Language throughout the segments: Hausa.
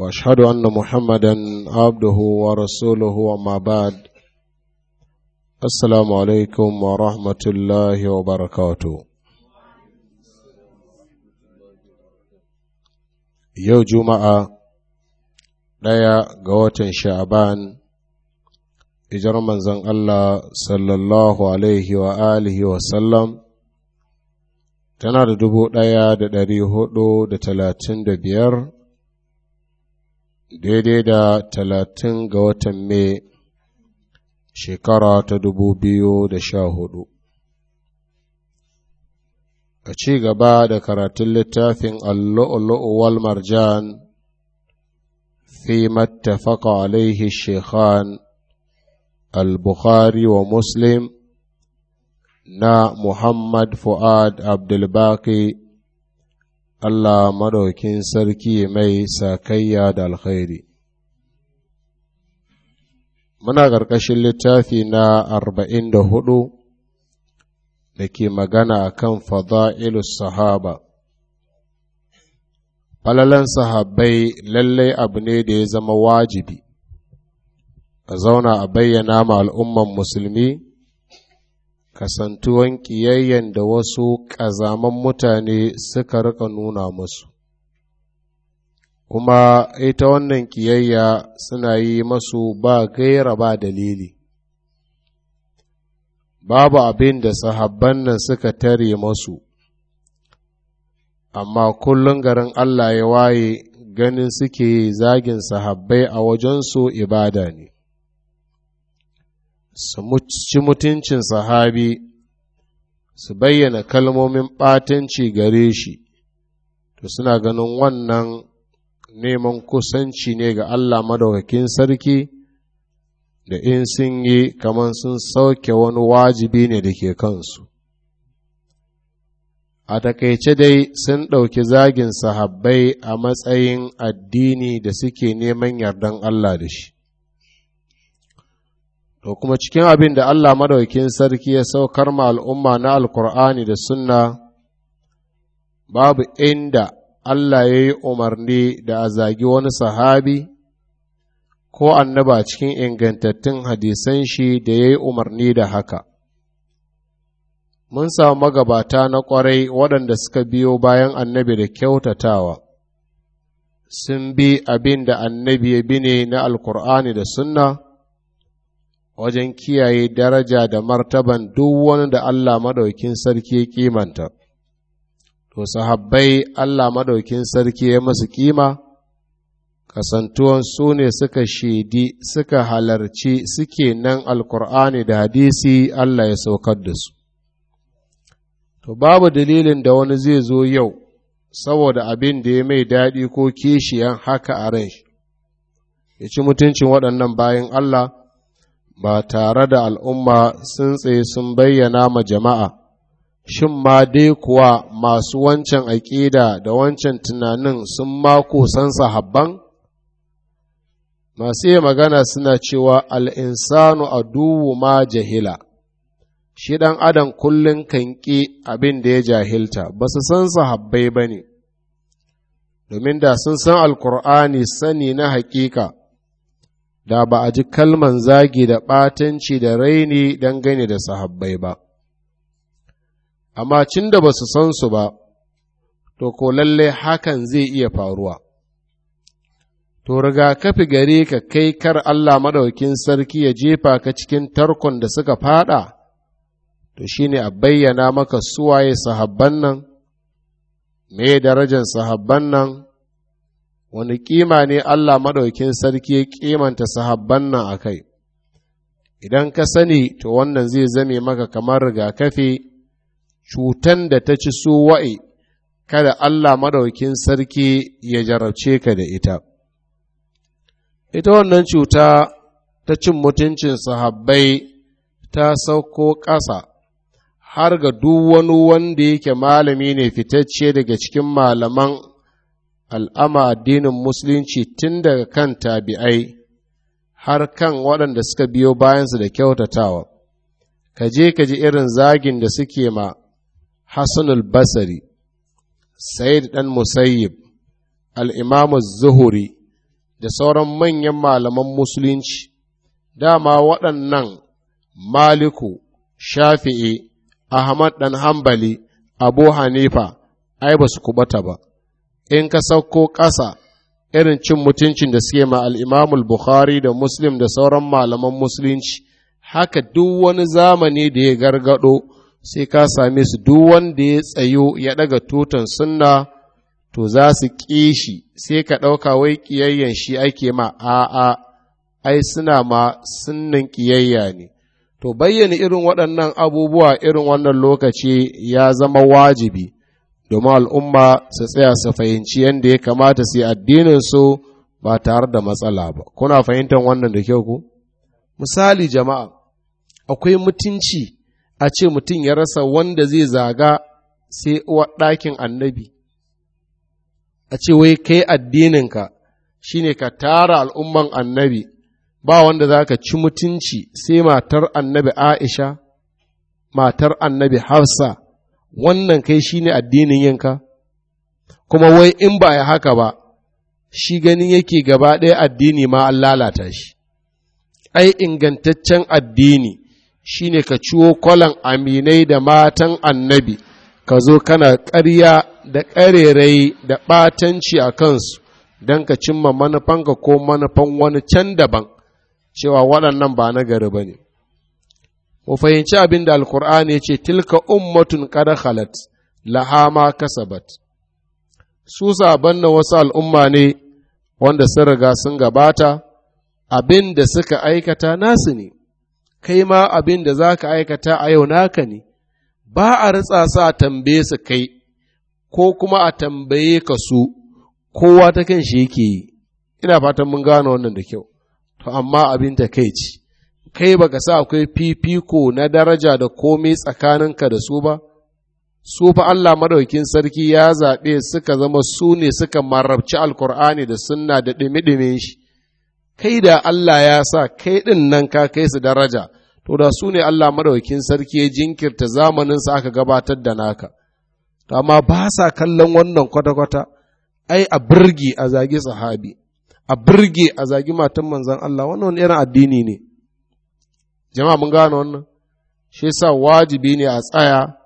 واشهد ان محمدا عبده ورسوله وما بعد السلام عليكم ورحمه الله وبركاته yau juma'a ɗaya ga watan sha'aban ijar manzon Allah sallallahu alaihi wa alihi wa sallam tana da dubu ɗaya da ɗari huɗu da talatin da biyar daidai da talatin ga watan mai shekara ta dubu biyu da sha hudu a ci gaba da karatun littafin allu'ulu'u wal marjan fi mattafaka alaihi shekhan al-bukhari wa muslim na muhammad fu'ad abdulbaki Allah madaukin sarki mai sakayya da alkhairi. Muna ƙarƙashin littafi na arba'in da hudu da ke magana a kan fada'ilus sahaba. Falalan sahabbai lallai abu ne da ya zama wajibi, a zauna a bayyana ma al'umman musulmi, kasantuwan ƙiyayyen da wasu ƙazaman mutane suka rika nuna musu kuma ita wannan ƙiyayya suna yi masu ba gaira ba dalili babu abin da sahabban nan suka tare masu amma kullum garin Allah ya waye ganin suke zagin sahabbai a wajensu ibada ne su mutuncin sahabi su bayyana kalmomin ɓatanci gare shi to suna ganin wannan neman kusanci ne ga Allah madaukakin sarki da in sun yi kamar sun sauke wani wajibi ne da ke kansu a takaice dai sun ɗauki zagin sahabbai a matsayin addini da suke neman yardan Allah da shi to kuma cikin abin da Allah madaukin sarki ya saukar ma al'umma na alkur'ani da sunna babu inda Allah ya yi umarni da a zagi wani sahabi ko annaba cikin ingantattun hadisan shi da ya yi umarni da haka mun samu magabata na ƙwarai waɗanda suka biyo bayan annabi da kyautatawa sun bi abin da annabi ya bi ne na alkur'ani da sunna wajen kiyaye daraja da martaban duk wani da Allah maɗaukin sarki ya kimanta. To, sahabbai Allah maɗaukin sarki ya masu kima, kasantuwan su ne suka shaidi, suka halarci, suke nan alkur'ani da hadisi Allah ya saukar da su. To, babu dalilin da wani zai zo yau, saboda abin da ya mai daɗi ko kishiyan haka a ran shi, ya ci mutuncin waɗannan bayan Allah. ba tare da al'umma sun tsaye sun bayyana ma jama'a, shin ma dai kuwa masu wancan aƙida da wancan tunanin sun mako san sahabban? Masu yi magana suna cewa al'insanu a duwu ma jahila, shi ɗan adam kullum kan ƙi abin da ya jahilta, ba su san sahabbai ba ne, domin da sun san alkur'ani sani na haƙiƙa. da ba a ji kalman zagi da ɓatanci da raini dangane da sahabbai ba amma cin da ba su san su ba to ko lalle hakan zai iya faruwa to rigakafi gare ka kai kar Allah maɗaukin sarki ya jefa ka cikin tarkon da suka fada to shi ne a bayyana maka suwaye sahabban nan me darajar sahabban nan wani kima ne Allah maɗaukin sarki ya kimanta sahabban nan a kai idan ka sani to wannan zai zame maka kamar rigakafi cutan da ta ci su wa'i kada Allah maɗaukin sarki ya jarabce ka da ita ita wannan cuta ta cin mutuncin sahabbai ta sauko ƙasa har ga duk wani wanda yake malami ne fitacce daga cikin malaman al'ama addinin musulunci tun daga kan tabi'ai har kan waɗanda suka biyo bayansu da kyautatawa ka je ka ji irin zagin da suke ma hassanul basari sayid ɗan musayyib al'imamu zuhuri da sauran manyan malaman musulunci dama waɗannan maliku shafi'i ahmad ɗan hambali abu hanifa ai ba su kubata ba in ka sauko ƙasa irin cin mutuncin da suke ma al'imamul Bukhari da Muslim da sauran malaman musulunci, haka duk wani zamani da ya gargado sai ka same su duk wanda ya tsayo ya ɗaga tutan sunna to za su ƙi shi sai ka ɗauka wai ƙiyayyen shi ake ma a'a ai suna ma sunnan ƙiyayya ne. To bayyana irin waɗannan abubuwa irin wannan lokaci ya zama wajibi. domin al'umma su tsaya su fahimci yadda ya kamata su yi addininsu ba tare da matsala ba kuna fahimtar wannan da kyau ku misali jama'a akwai mutunci a ce mutum ya rasa wanda zai zaga sai uwa ɗakin annabi a ce wai kai addininka shi ne ka tara al'umman annabi ba wanda za ka ci mutunci sai matar annabi aisha matar annabi hafsa wannan kai shi ne addinin yinka kuma wai in ba ya haka ba shi ganin yake gaba ɗaya addini ma an lalata shi ai ingantaccen addini shi ne ka ciwo kwalan aminai da matan annabi ka zo kana ƙarya da ƙarerai da ɓatanci a kansu don ka cimma manufanka ko manufan wani can daban cewa waɗannan ba na gari ba ne mu fahimci abin da alkur'ani ya ce tilka ummatun kada halat lahama kasabat su saban na wasu al'umma ne wanda sun riga sun gabata abin da suka aikata nasu ne kai ma abin da za ka aikata a yau naka ne ba a ritsa sa a tambaye su kai ko kuma a tambaye ka su kowa ta kan shi yake yi ina fatan mun gane wannan da kyau to amma abin ta kai ce. kai baka sa akwai fifiko na daraja da komai tsakaninka da su ba su fa Allah madaukin sarki ya zaɓe suka zama su ne suka marabci alkur'ani da sunna da ɗimi shi kai da Allah ya sa kai ɗin nan ka kai su daraja to da su ne Allah madaukin sarki ya jinkirta zamanin zamaninsa aka gabatar da naka amma ba sa kallon wannan kwata-kwata ai a birgi a zagi sahabi a birge a zagi matan manzan Allah wannan irin addini ne jama'a mun gano wannan shi yasa wajibi ne a tsaya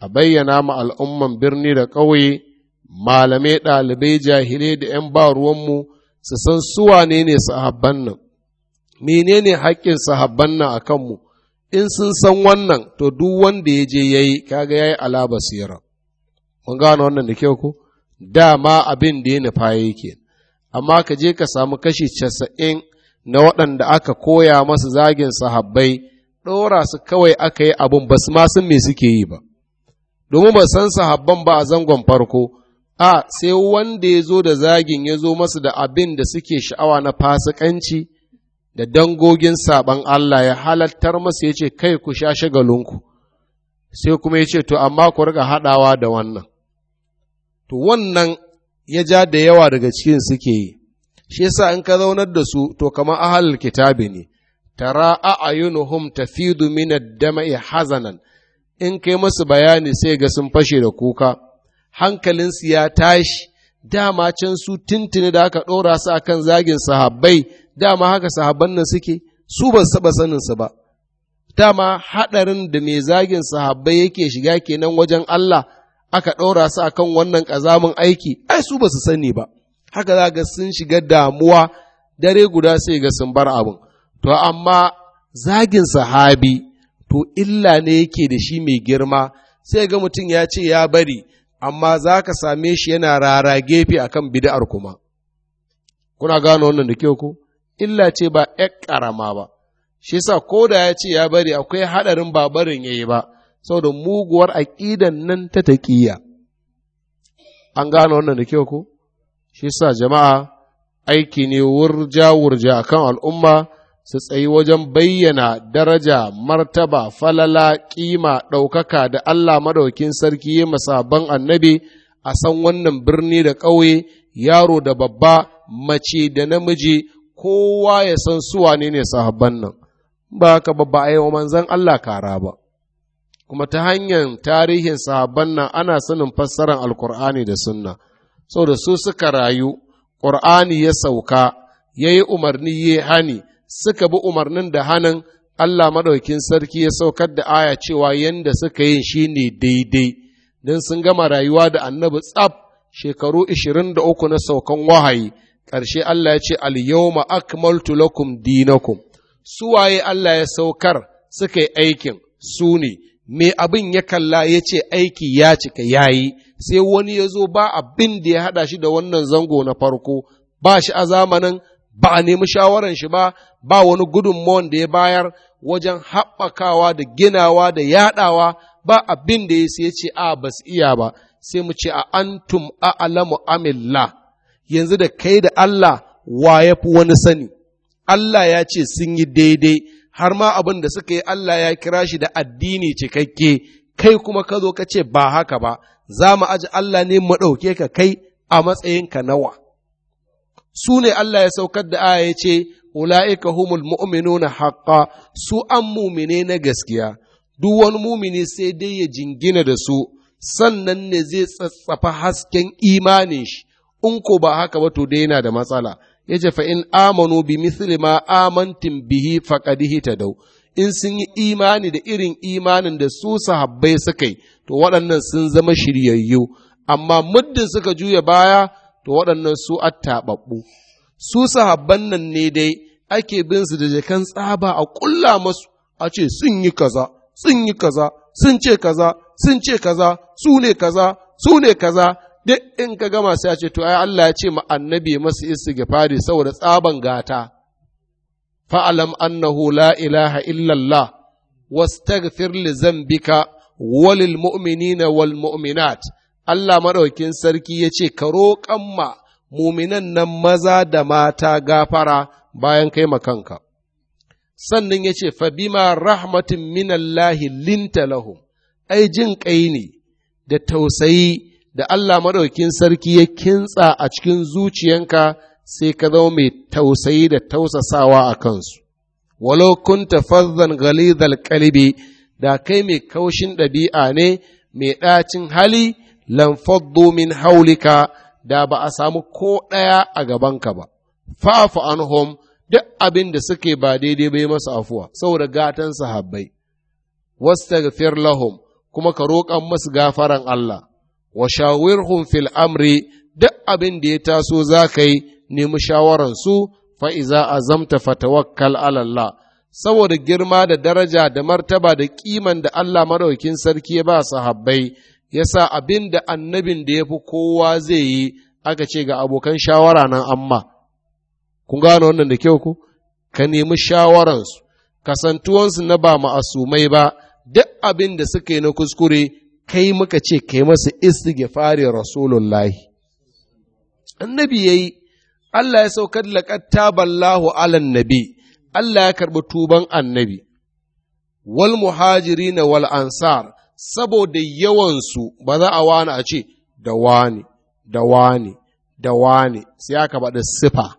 a bayyana ma al'umman birni da ƙauye malamai ɗalibai jahilai da ‘yan ba ruwanmu su san suwa ne ne sahabban nan menene haƙƙin sahabban nan a kanmu in sun san wannan to duk wanda ya je ya yi kaga ya yi alaba sira mun gano wannan da kyau ko dama abin da ya nufa yake amma ka je ka samu kashi casa'in na waɗanda aka koya masu zagin sahabbai ɗora su kawai aka yi abin ba su ma me suke yi ba domin ba san sahabban ba a zangon farko a sai wanda ya zo da zagin ya zo masu da abin da suke sha'awa na fasikanci da dangogin saɓan Allah ya halattar masu ya ce kai ku sha shagalinku sai kuma ya ce to amma ku riga haɗawa da wannan to wannan ya ja da yawa daga cikin suke yi shi yasa in ka zaunar da su to kamar ahalul kitabi ne tara a'yunuhum tafidu min ad-dama'i hazanan in kai musu bayani sai ga sun fashe da kuka hankalinsu ya tashi dama can su tintini da aka ɗora su akan zagin sahabbai dama haka sahabban nan suke su ba su sanin su ba dama haɗarin da mai zagin sahabbai yake shiga kenan wajen Allah aka ɗora su akan wannan kazamin aiki ai su ba su sani ba haka za ga sun shiga damuwa dare guda sai ga sun bar abin to amma zagin sahabi to illa ne yake da shi mai girma sai ga mutum ya ce ya bari amma za ka same shi yana rara gefe akan bid'ar kuma kuna gano wannan da kyau ko illa ce ba ƴar ƙarama ba shi yasa ko da ya ce ya bari akwai haɗarin babarin ya yi ba saboda muguwar aƙidan nan ta taƙiya, an gano wannan da kyau ko shi sa jama'a aiki ne wurja-wurja a kan al'umma su tsayi wajen bayyana daraja martaba falala kima, ɗaukaka da Allah Maɗaukin sarki ya masaban annabi a san wannan birni da ƙauye yaro da babba mace da namiji kowa ya san suwa ne ne sahabban nan ba ka babba a yawan manzan Allah kara ba kuma ta hanyar tarihin sahabban nan ana sanin fassarar alkur'ani da sunna da su suka rayu ƙur'ani ya sauka ya yi umarni ya hani suka bi umarnin da hanan Allah maɗaukin sarki ya saukar da aya cewa yanda suka yin shine daidai don sun gama rayuwa da annabi tsaf shekaru ishirin da uku na saukan wahayi ƙarshe Allah ya ce alyawma akmaltu lakum dinakum suwaye Allah ya saukar suka yi aikin su ne me abin ya kalla ya ce aiki ya cika ya yi sai wani ya zo ba abin da ya haɗa shi da wannan zango na farko ba shi a zamanin ba a nemi shawaran shi ba ba wani gudunmawan da ya bayar wajen haɓakawa da ginawa da yaɗawa ba abin da ya sai ce a ba su iya ba sai mu ce a antum a alamu amilla yanzu da kai da Allah wa ya fi wani sani Allah ya ce sun yi daidai har ma abin da suka yi Allah ya kira shi da addini cikakke kai kuma ka zo ka ce ba haka ba za mu aji Allah ne mu ɗauke ka kai a matsayinka nawa su ne Allah ya saukar da aya ya ce ula'ika humul na haƙa, su an mumine na gaskiya duk wani mumini sai dai ya jingina da su sannan ne zai tsatsafa hasken imanin shi in ko ba haka ba to dai yana da matsala ya ce fa in amanu bi ma amantin bihi ta dau in sun yi imani da irin imanin da su sahabbai suka yi to waɗannan sun zama shiryayyu amma muddin suka juya baya to waɗannan su attaɓaɓɓu su sahabban nan ne dai ake bin su da jakan tsaba a ƙulla masu a ce sun yi kaza sun yi kaza sun ce kaza sun ce kaza su ne kaza su ne kaza duk in ka gama sai a ce to ai Allah ya ce ma annabi masu istighfari saboda tsaban gata fa'alam annahu la ilaha illallah wastaghfir li zambika walil mu'minina wal mu'minat Allah madaukin sarki ya ce ka roƙan ma muminan nan maza da mata gafara bayan kai ma kanka. sannan ya ce fa bima rahmatin minallahi linta lahum ai jin ƙai ne da tausayi da Allah maɗaukin sarki ya kintsa a cikin zuciyanka sai ka zama mai tausayi da tausasawa a kansu. Walau kunta fazzan gali da kai mai kaushin ɗabi'a ne mai ɗacin hali lamfaddu min haulika da ba a samu ko ɗaya a gabanka ba. an hom duk abin da suke ba daidai bai masu afuwa saboda gatan sahabbai. Wastaghfir lahum kuma ka roƙan masu gafaran Allah. wa shawirhum fil duk abin da ya taso za ka yi nemi shawararsu fa'iza iza azamta fatawakkal ala Allah saboda girma da daraja da martaba da kiman da Allah madaukin sarki ya ba sahabbai yasa abin da annabin da ya fi kowa zai yi aka ce ga abokan shawara nan amma kun gano wannan da kyau ku ka nemi shawararsu kasantuwansu na ba asumai ba duk abin da suka yi na kuskure kai muka ce kai masa istighfari rasulullahi annabi yayi Allah ya saukar da ballahu alan nabi Allah ya karɓi tuban annabi wal muhajiri na wal ansar saboda yawansu ba za a wani a ce da wani da wani da wani sai aka da sifa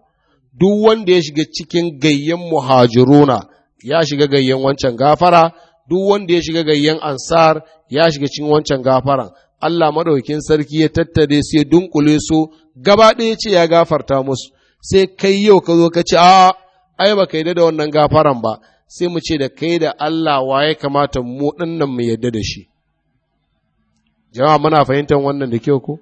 duk wanda ya shiga cikin gayyen muhajiruna ya shiga gayyen wancan gafara duk wanda ya shiga gayyan ansar ya shiga cikin wancan gafaran Allah madaukin sarki ya tattare su ya dunkule su gaba ɗaya ce ya gafarta musu sai kai yau ka zo ka ce a ai ba kai da wannan gafaran ba sai mu ce da kai da Allah waye kamata mu dinnan mu yadda da shi jama'a muna fahimtar wannan da kyau ko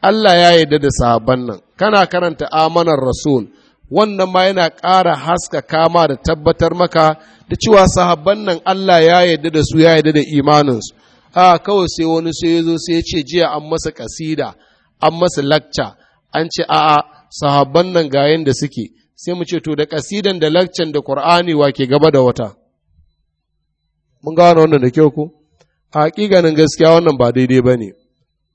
Allah ya yarda da sahabban nan kana karanta amanar rasul wannan ma yana ƙara haska kama da tabbatar maka da cewa sahabban nan Allah ya yarda da su ya yarda da imaninsu a kawai sai wani sai ya zo sai ya ce jiya an masa kasida an masa lacca an ce a'a sahabban nan ga yanda suke sai mu ce to da kasidan da lakcan da qur'ani wa ke gaba da wata mun gano wannan da kyau ko a gaskiya wannan ba daidai bane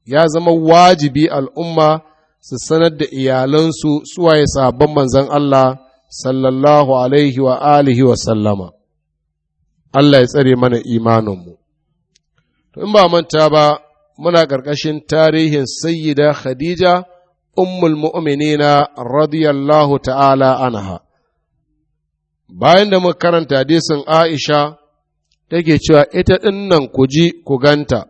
ya zama wajibi al'umma su sanar da iyalansu suwaye sabon manzan Allah sallallahu alaihi wa alihi wa sallama Allah ya tsare mana imaninmu in ba manta ba muna ƙarƙashin tarihin sayyida khadija ummul mu'minina radiyallahu ta'ala anha bayan da muka karanta hadisin aisha take cewa ita ɗin nan ku ji ku ganta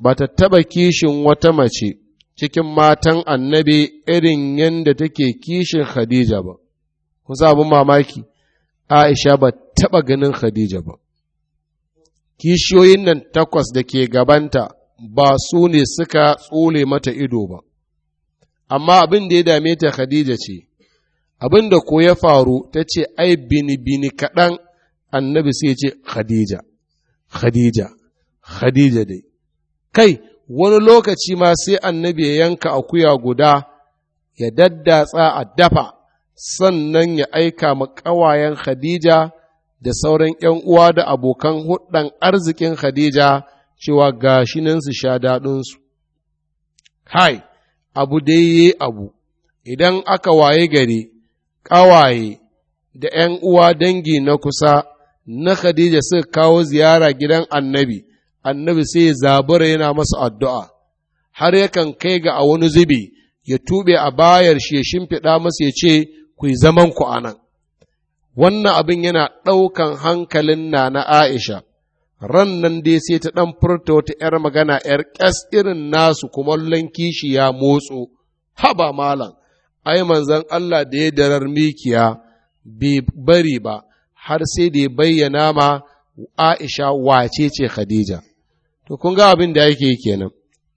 ba ta taɓa kishin wata mace cikin matan annabi irin yadda take kishin Khadija ba, kun abin mamaki, Aisha ba taɓa ganin Khadija ba. Kishiyoyin nan takwas da ke gabanta ba su ne suka tsule mata ido ba, amma abin da ya dame ta Khadija ce, abin da ko ya faru ta ce, ai bini-bini kaɗan annabi sai ce Khadija, Khadija, Khadija dai. Kai, wani lokaci ma sai annabi ya yanka akuya guda ya daddatsa a dafa sannan ya aika ma ƙawayen Khadija da sauran ‘yan uwa da abokan hudan arzikin Khadija cewa gashi nan su sha daɗinsu. Hai, abu dai yi abu, idan aka waye gari, ƙawaye da ‘yan uwa dangi na kusa na Khadija suka kawo ziyara gidan annabi, annabi sai ya zabura yana masa addu'a har yakan kai ga a wani zubi ya tube a bayar shi ya shimfiɗa masa ya ce ku yi zaman ku anan wannan abin yana ɗaukan hankalin na Aisha ran nan dai sai ta ɗan furta wata ‘yar magana ‘yar ƙas irin nasu kumallon kishi ya motso, haba malam, ai manzan Allah da ya darar mikiya bai bari ba, har sai da ya bayyana ma Aisha wace ce Khadija. to kun ga abin da yake kenan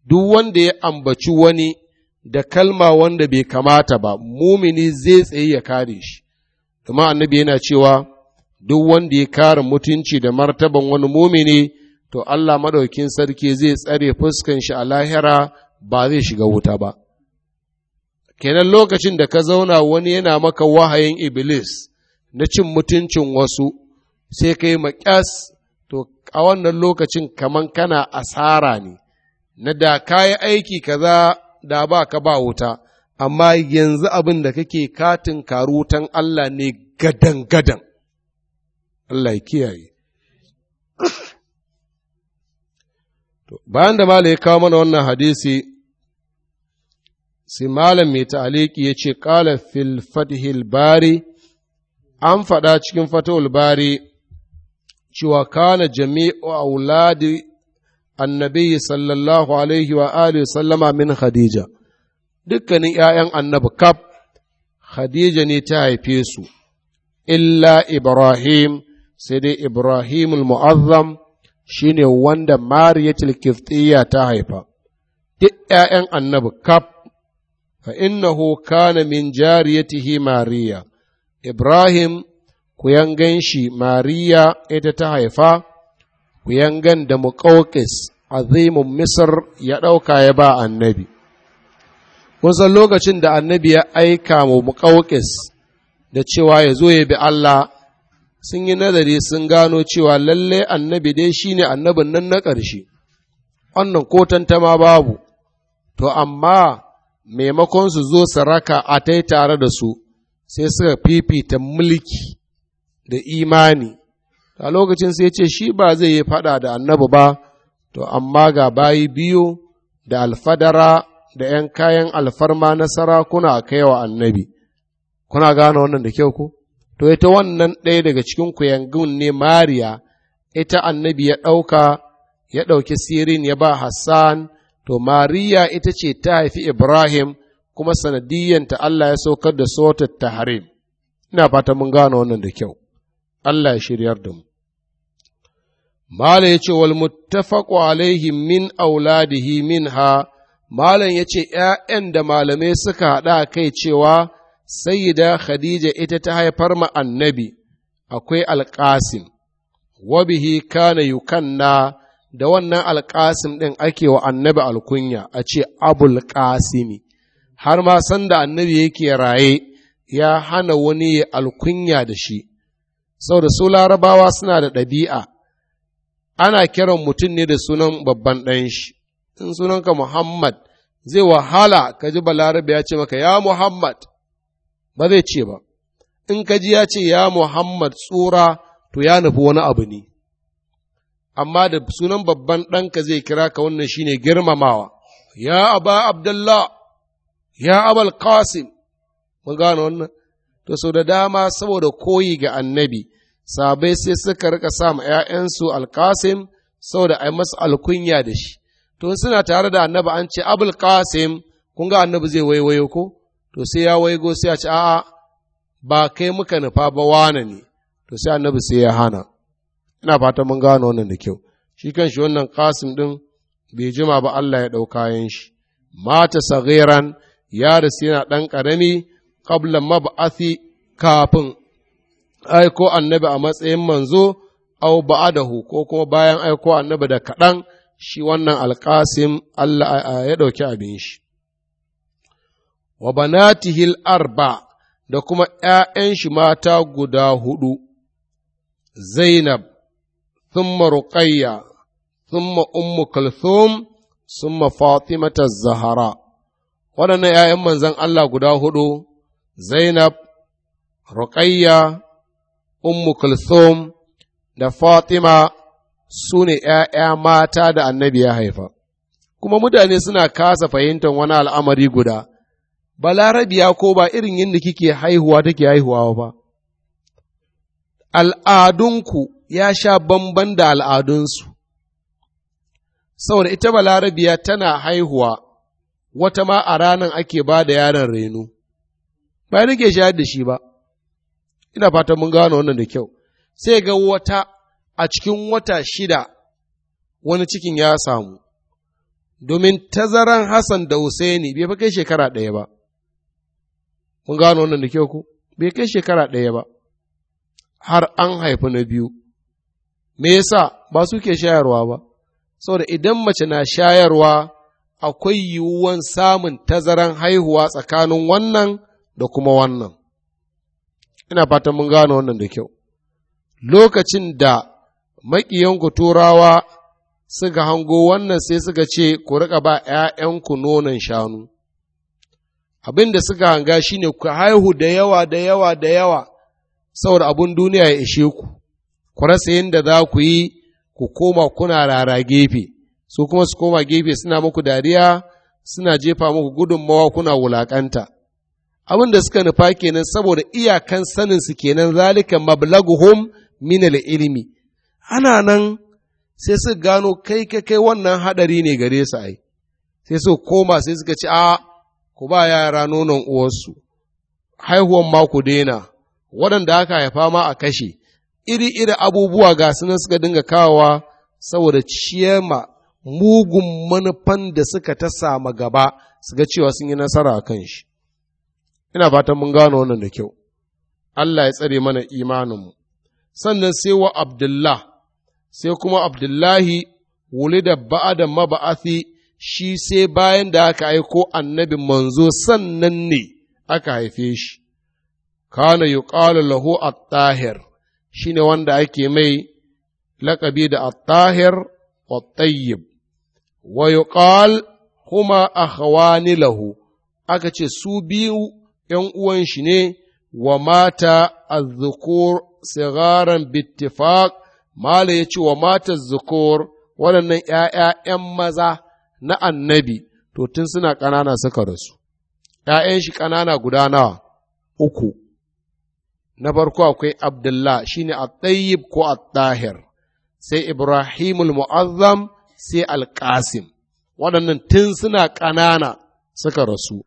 duk wanda ya ambaci wani da kalma wanda bai kamata ba mumini zai tsaye ya kare shi kuma annabi yana cewa duk wanda ya kare mutunci da martaban wani mumini to Allah maɗaukin sarki zai tsare fuskan shi a lahira ba zai shiga wuta ba kenan lokacin da ka zauna wani yana maka wahayin iblis na cin mutuncin wasu sai kai makyas. to a wannan lokacin kaman kana asara ne na da kayi aiki kaza da ba ka ba wuta amma yanzu abin da kake katin karutan Allah ne gadan-gadan Allah ya kiyaye bayan da malai ya kawo mana wannan hadisi sai Malam mai ta'aliki ya ce ƙala fil bari an faɗa cikin fatul bari cewa kana jami'u auladi annabi sallallahu alaihi wa alihi sallama min Khadija dukkanin ‘ya'yan annabi kaf Khadija ne ta haife su illa Ibrahim sai dai Ibrahimul mu'azzam shine wanda Mariyatul Kiftiyya ta haifa duk ‘ya'yan annabi kaf fa innahu kana min jariyatihi Mariya Ibrahim Ku gan shi mariya ita ta haifa ku gan da muƙauƙis azimin misir ya ɗauka ya ba annabi Kun san lokacin da annabi ya aika mu muƙauƙis da cewa ya zo ya bi Allah sun yi nazari sun gano cewa lalle annabi dai shi ne annabin nan na ƙarshe wannan ko tantama babu to amma maimakon su zo saraka a tai tare da su sai suka fifita mulki da imani a lokacin sai ce shi ba zai yi faɗa da annabi ba to amma ga bayi biyu da alfadara da ‘yan kayan alfarma na sarakuna kai wa annabi kuna gane wannan da kyau ku? to ita wannan ɗaya daga cikin kuyangun ne mariya ita annabi ya ɗauka ya ɗauki sirin ya ba hassan to mariya ita ce ta haifi ibrahim kuma sanadiyyanta allah ya saukar da sautar tahrim ina fata mun gane wannan da kyau Allah ya shiryar da mu. Malam ya ce, wal muttafaqu alaihim min auladihi min Malam ya ce, ‘ya'yan da malamai suka haɗa kai cewa, Sayyida Khadija ita ta haifar ma annabi, akwai alƙasim, wabihi kana yukanna da wannan alƙasim ɗin ake wa annabi alkunya, a ce abul ƙasimi, har ma sanda annabi yake raye, ya hana wani alkunya da shi. saboda su larabawa suna da ɗabi'a ana kiran mutum ne da sunan babban ɗan shi in sunanka muhammad zai wahala ka ji larabe ya ce maka ya muhammad ba zai ce ba in ka ji ya ce ya muhammad tsura to ya nufi wani abu ne amma da sunan babban ɗanka zai kira ka wannan shine girmamawa ya aba abdullah ya abal qasim mun gane wannan to sau da dama saboda koyi ga annabi sabai sai suka rika sa ma 'ya'yansu alkasim saboda ai masu alkunya da shi to suna tare da annabi an ce abul kasim kun ga annabi zai waiwayo ko to sai ya waigo sai a ce a'a ba kai muka nufa ba wane ne to sai annabi sai ya hana ina fata mun gano wannan da kyau shi kan shi wannan kasim din bai jima ba Allah ya ɗau yin shi mata sagiran ya yana ɗan ƙarami qabla mab'athi kafin aiko annabi a matsayin manzo au ba'adahu ko kuma bayan aiko annabi da kaɗan shi wannan alƙasim Allah ya ɗauki abin shi. Wa banatihil arba da kuma ’ya'yan shi mata guda huɗu, Zainab, thumma Ruqayya, thumma Ummu Kalthum, thumma Fatimata Zahra Waɗannan ’ya'yan manzan Allah guda huɗu Zainab, Ruqayya, Ummu Kulthum da Fatima su ne ‘ya'ya mata da annabi ya haifa, kuma mutane suna kasa fahimtar wani al'amari guda, balarabiya ko ba irin yadda kike haihuwa take haihuwa ba. Al'adunku ya sha bamban da al'adunsu, saboda ita balarabiya tana haihuwa wata ma a ranar ake ba da yaron raino. ba nake shayar da shi ba ina fatan mun gano wannan da kyau sai ga wata a cikin wata shida wani cikin ya samu domin tazaran Hassan da Husaini bai kai shekara ɗaya ba mun gano wannan da kyau ku bai kai shekara ɗaya ba har an haifi na biyu me yasa ba su ke shayarwa ba saboda idan mace na shayarwa akwai yiwuwan samun tazaran haihuwa tsakanin wannan da kuma wannan ina fatan mun gane wannan da kyau lokacin da maƙiyanku turawa suka hango wannan sai suka ce ku riƙa ba ‘ya'yanku nonon shanu abinda suka hanga shine ku haihu da yawa da yawa da yawa saboda abin duniya ya ishe ku ku rasa yadda za ku yi ku koma kuna rara gefe su kuma su koma gefe suna muku dariya suna jefa muku gudunmawa kuna wulaƙanta. abin da suka nufa kenan saboda iyakan sanin su kenan zalika mablaguhum min ilimi ana nan sai su gano kai kai kai wannan hadari ne gare su ai sai su koma sai suka ce a ku ba yara nonon uwarsu haihuwan ma ku daina waɗanda aka haifa ma a kashe iri-iri abubuwa ga su suka dinga kawowa saboda ciyama mugun manufan da suka ta sama gaba su ga cewa sun yi nasara a kan shi ina fatan mun gano wannan da kyau Allah ya tsare mana imaninmu sannan sai wa Abdullah sai kuma Abdullahi wulida ba'ada maba'afi shi sai bayan da aka aiko annabi manzo sannan ne aka haife shi kana yuqalu lahu at-tahir shine wanda ake mai laƙabi da at-tahir wa tayyib wa yuqal huma akhwani lahu aka ce su biyu ’yan uwan shi ne, wa mata azzukur sigaran bittifaq Mala ya ce wa mata zukur waɗannan ’ya'ya ’yan maza na annabi, to tun suna ƙanana suka rasu, ’ya'yan shi ƙanana guda nawa uku, na farko akwai Abdullah shi ne Attayyib ko Al-Tahir. sai Ibrahimul Mu'azzam sai Alƙasim, waɗannan tun suna ƙanana suka rasu,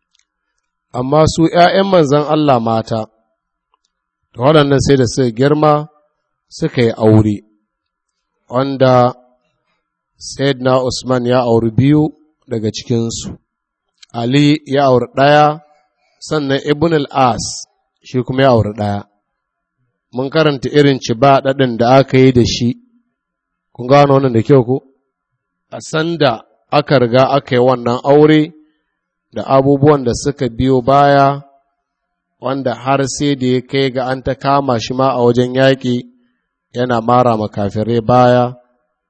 amma su ’ya'yan manzan Allah mata, da waɗannan sai da suka girma suka yi aure, wanda Sayyidina Usman ya auri biyu daga cikinsu, Ali ya auri ɗaya, sannan Ibn al'as shi kuma ya auri ɗaya. Mun karanta irin ci ba ɗaɗin da aka yi da shi, kun gano wannan da kyau ku? A sanda aka riga aka yi wannan aure, da abubuwan da suka biyo baya wanda har sai da ya kai ga an ta kama shi ma a wajen yaƙi yana mara makafirai baya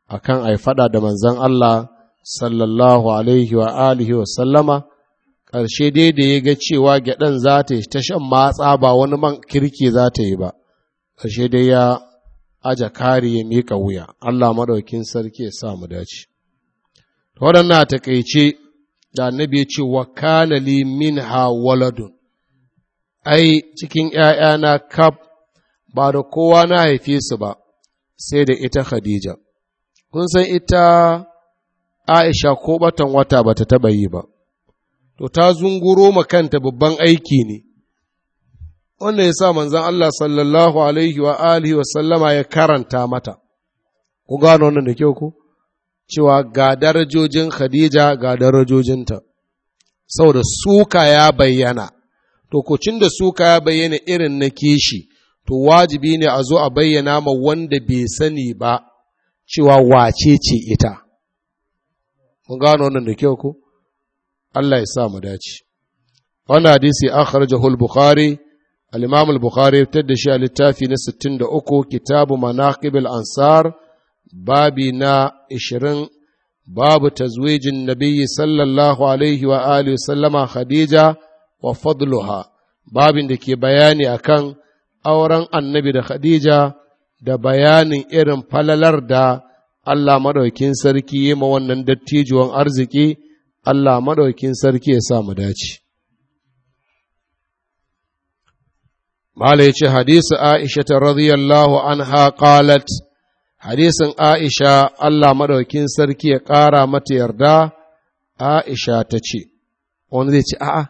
a kan faɗa da manzan Allah sallallahu alaihi wa alihi wa sallama ƙarshe dai da ya ga cewa gyaɗan za ta yi ta shan matsa ba wani man kirki za ta yi ba ƙarshe dai ya aja kari ya miƙa wuya Allah maɗaukin sarki ya sa mu dace waɗannan a taƙaice da annabi ya ce wa kana li ha waladun ai cikin ’ya'yana kaf ba da kowa na haife su ba sai da ita Khadija kun san ita Aisha ko batan wata ba ta taɓa yi ba to ta zunguro ma kanta babban aiki ne wanda ya sa manzan Allah sallallahu alaihi wa alihi wa sallama ya karanta mata ku gano wannan da kyau ko cewa ga darajojin Khadija ga darajojinta, saboda suka ya bayyana, to kucin da suka ya bayyana irin na kishi, to wajibi ne a zo a bayyana ma wanda bai sani ba cewa wace ce ita. Mun gano wannan da kyau ko? Allah ya sa mu dace. Wannan hadisi akhrajahu al-Bukhari al-Imam al-Bukhari fitar da shi a littafi na 63 Kitabu Manaqib al-Ansar babi na ishirin babu tazwijin nabiyyi sallallahu alaihi wa alihi sallama khadija wa fadluha babin da ke bayani akan auren annabi da khadija da bayanin irin falalar da Allah maɗaukin sarki yi ma wannan dattijuwan arziki Allah maɗaukin sarki ya sa mu dace Mala ya ce hadisi Aisha ta radiyallahu anha qalat hadisin aisha allah madaukin sarki ya ƙara mata yarda aisha ta ce wani zai ce a'a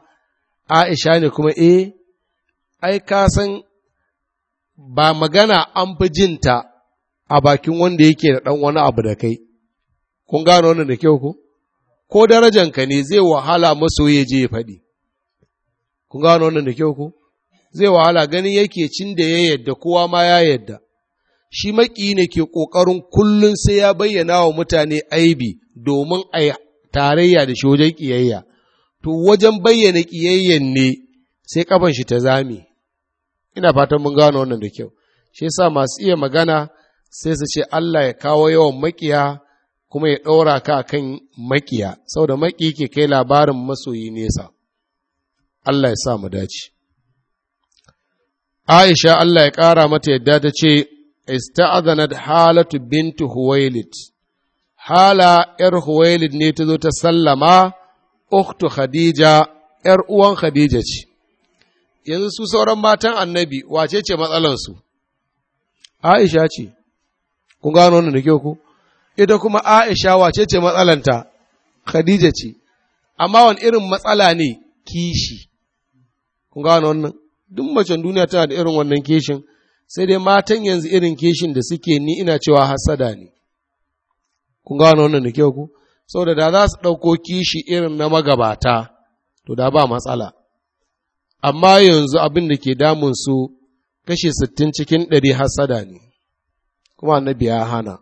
aisha ne kuma e ai ka san ba magana an fi jinta a bakin wanda yake da ɗan wani abu da kai kun gano wannan da kyau ko ko darajanka ne zai wahala masoyi je ya faɗi kun gano wannan da kyau ko zai wahala ganin yake cin da ya yadda kowa ma ya yadda shi maƙi ne ke ƙoƙarin kullum sai ya bayyana wa mutane aibi domin a tarayya da shi wajen ƙiyayya, to wajen bayyana ƙiyayyan ne sai ƙafan shi ta zame. Ina fatan mun gano wannan da kyau, shi yasa masu iya magana sai su ce Allah ya kawo yawan maƙiya kuma ya ɗora ka kan maƙiya, saboda maƙi ke kai labarin masoyi nesa. Allah ya sa mu dace. Aisha Allah ya ƙara mata yadda ta ce, ista'azanat halatu bintu huwailid hala ‘yar huwailid ne ta zo ta sallama uktu khadija ‘yar uwan khadija ce yanzu su sauran matan annabi wace ce matsalansu aisha ce kun gano wannan da kyau ku ita kuma aisha wace ce matsalanta khadija ce amma wani irin matsala ne kishi kun gano wannan duk macen duniya tana da irin wannan kishin sai dai matan yanzu irin kishin da suke ni ina cewa hasada ne kun gano wannan da kyau ku saboda da za su ɗauko kishi irin na magabata to da ba matsala amma yanzu abin da ke damun su kashe sittin cikin ɗari hasada ne kuma annabi ya hana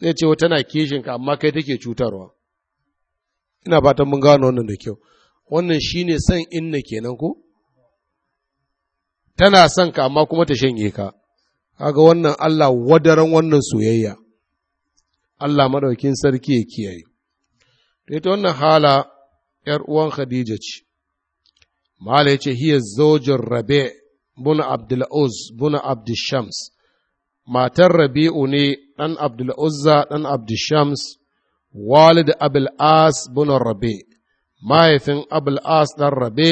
zai ce tana kishinka amma kai take cutarwa ina fatan mun gano wannan da kyau wannan shine son inna kenan ko tana son ka amma kuma ta shanye ka kaga wannan Allah wadaran wannan soyayya Allah maɗaukin sarki ya kiyaye ita wannan hala ‘yar uwan Khadija ce, Mala ya ce, Hiya zojin rabe, buna Abdul'uz, buna Abdushams, matar rabi'u ne ɗan Abdul'uzza, ɗan Abdushams, walid Abul'as buna rabe, mahaifin Abul'as ɗan rabe,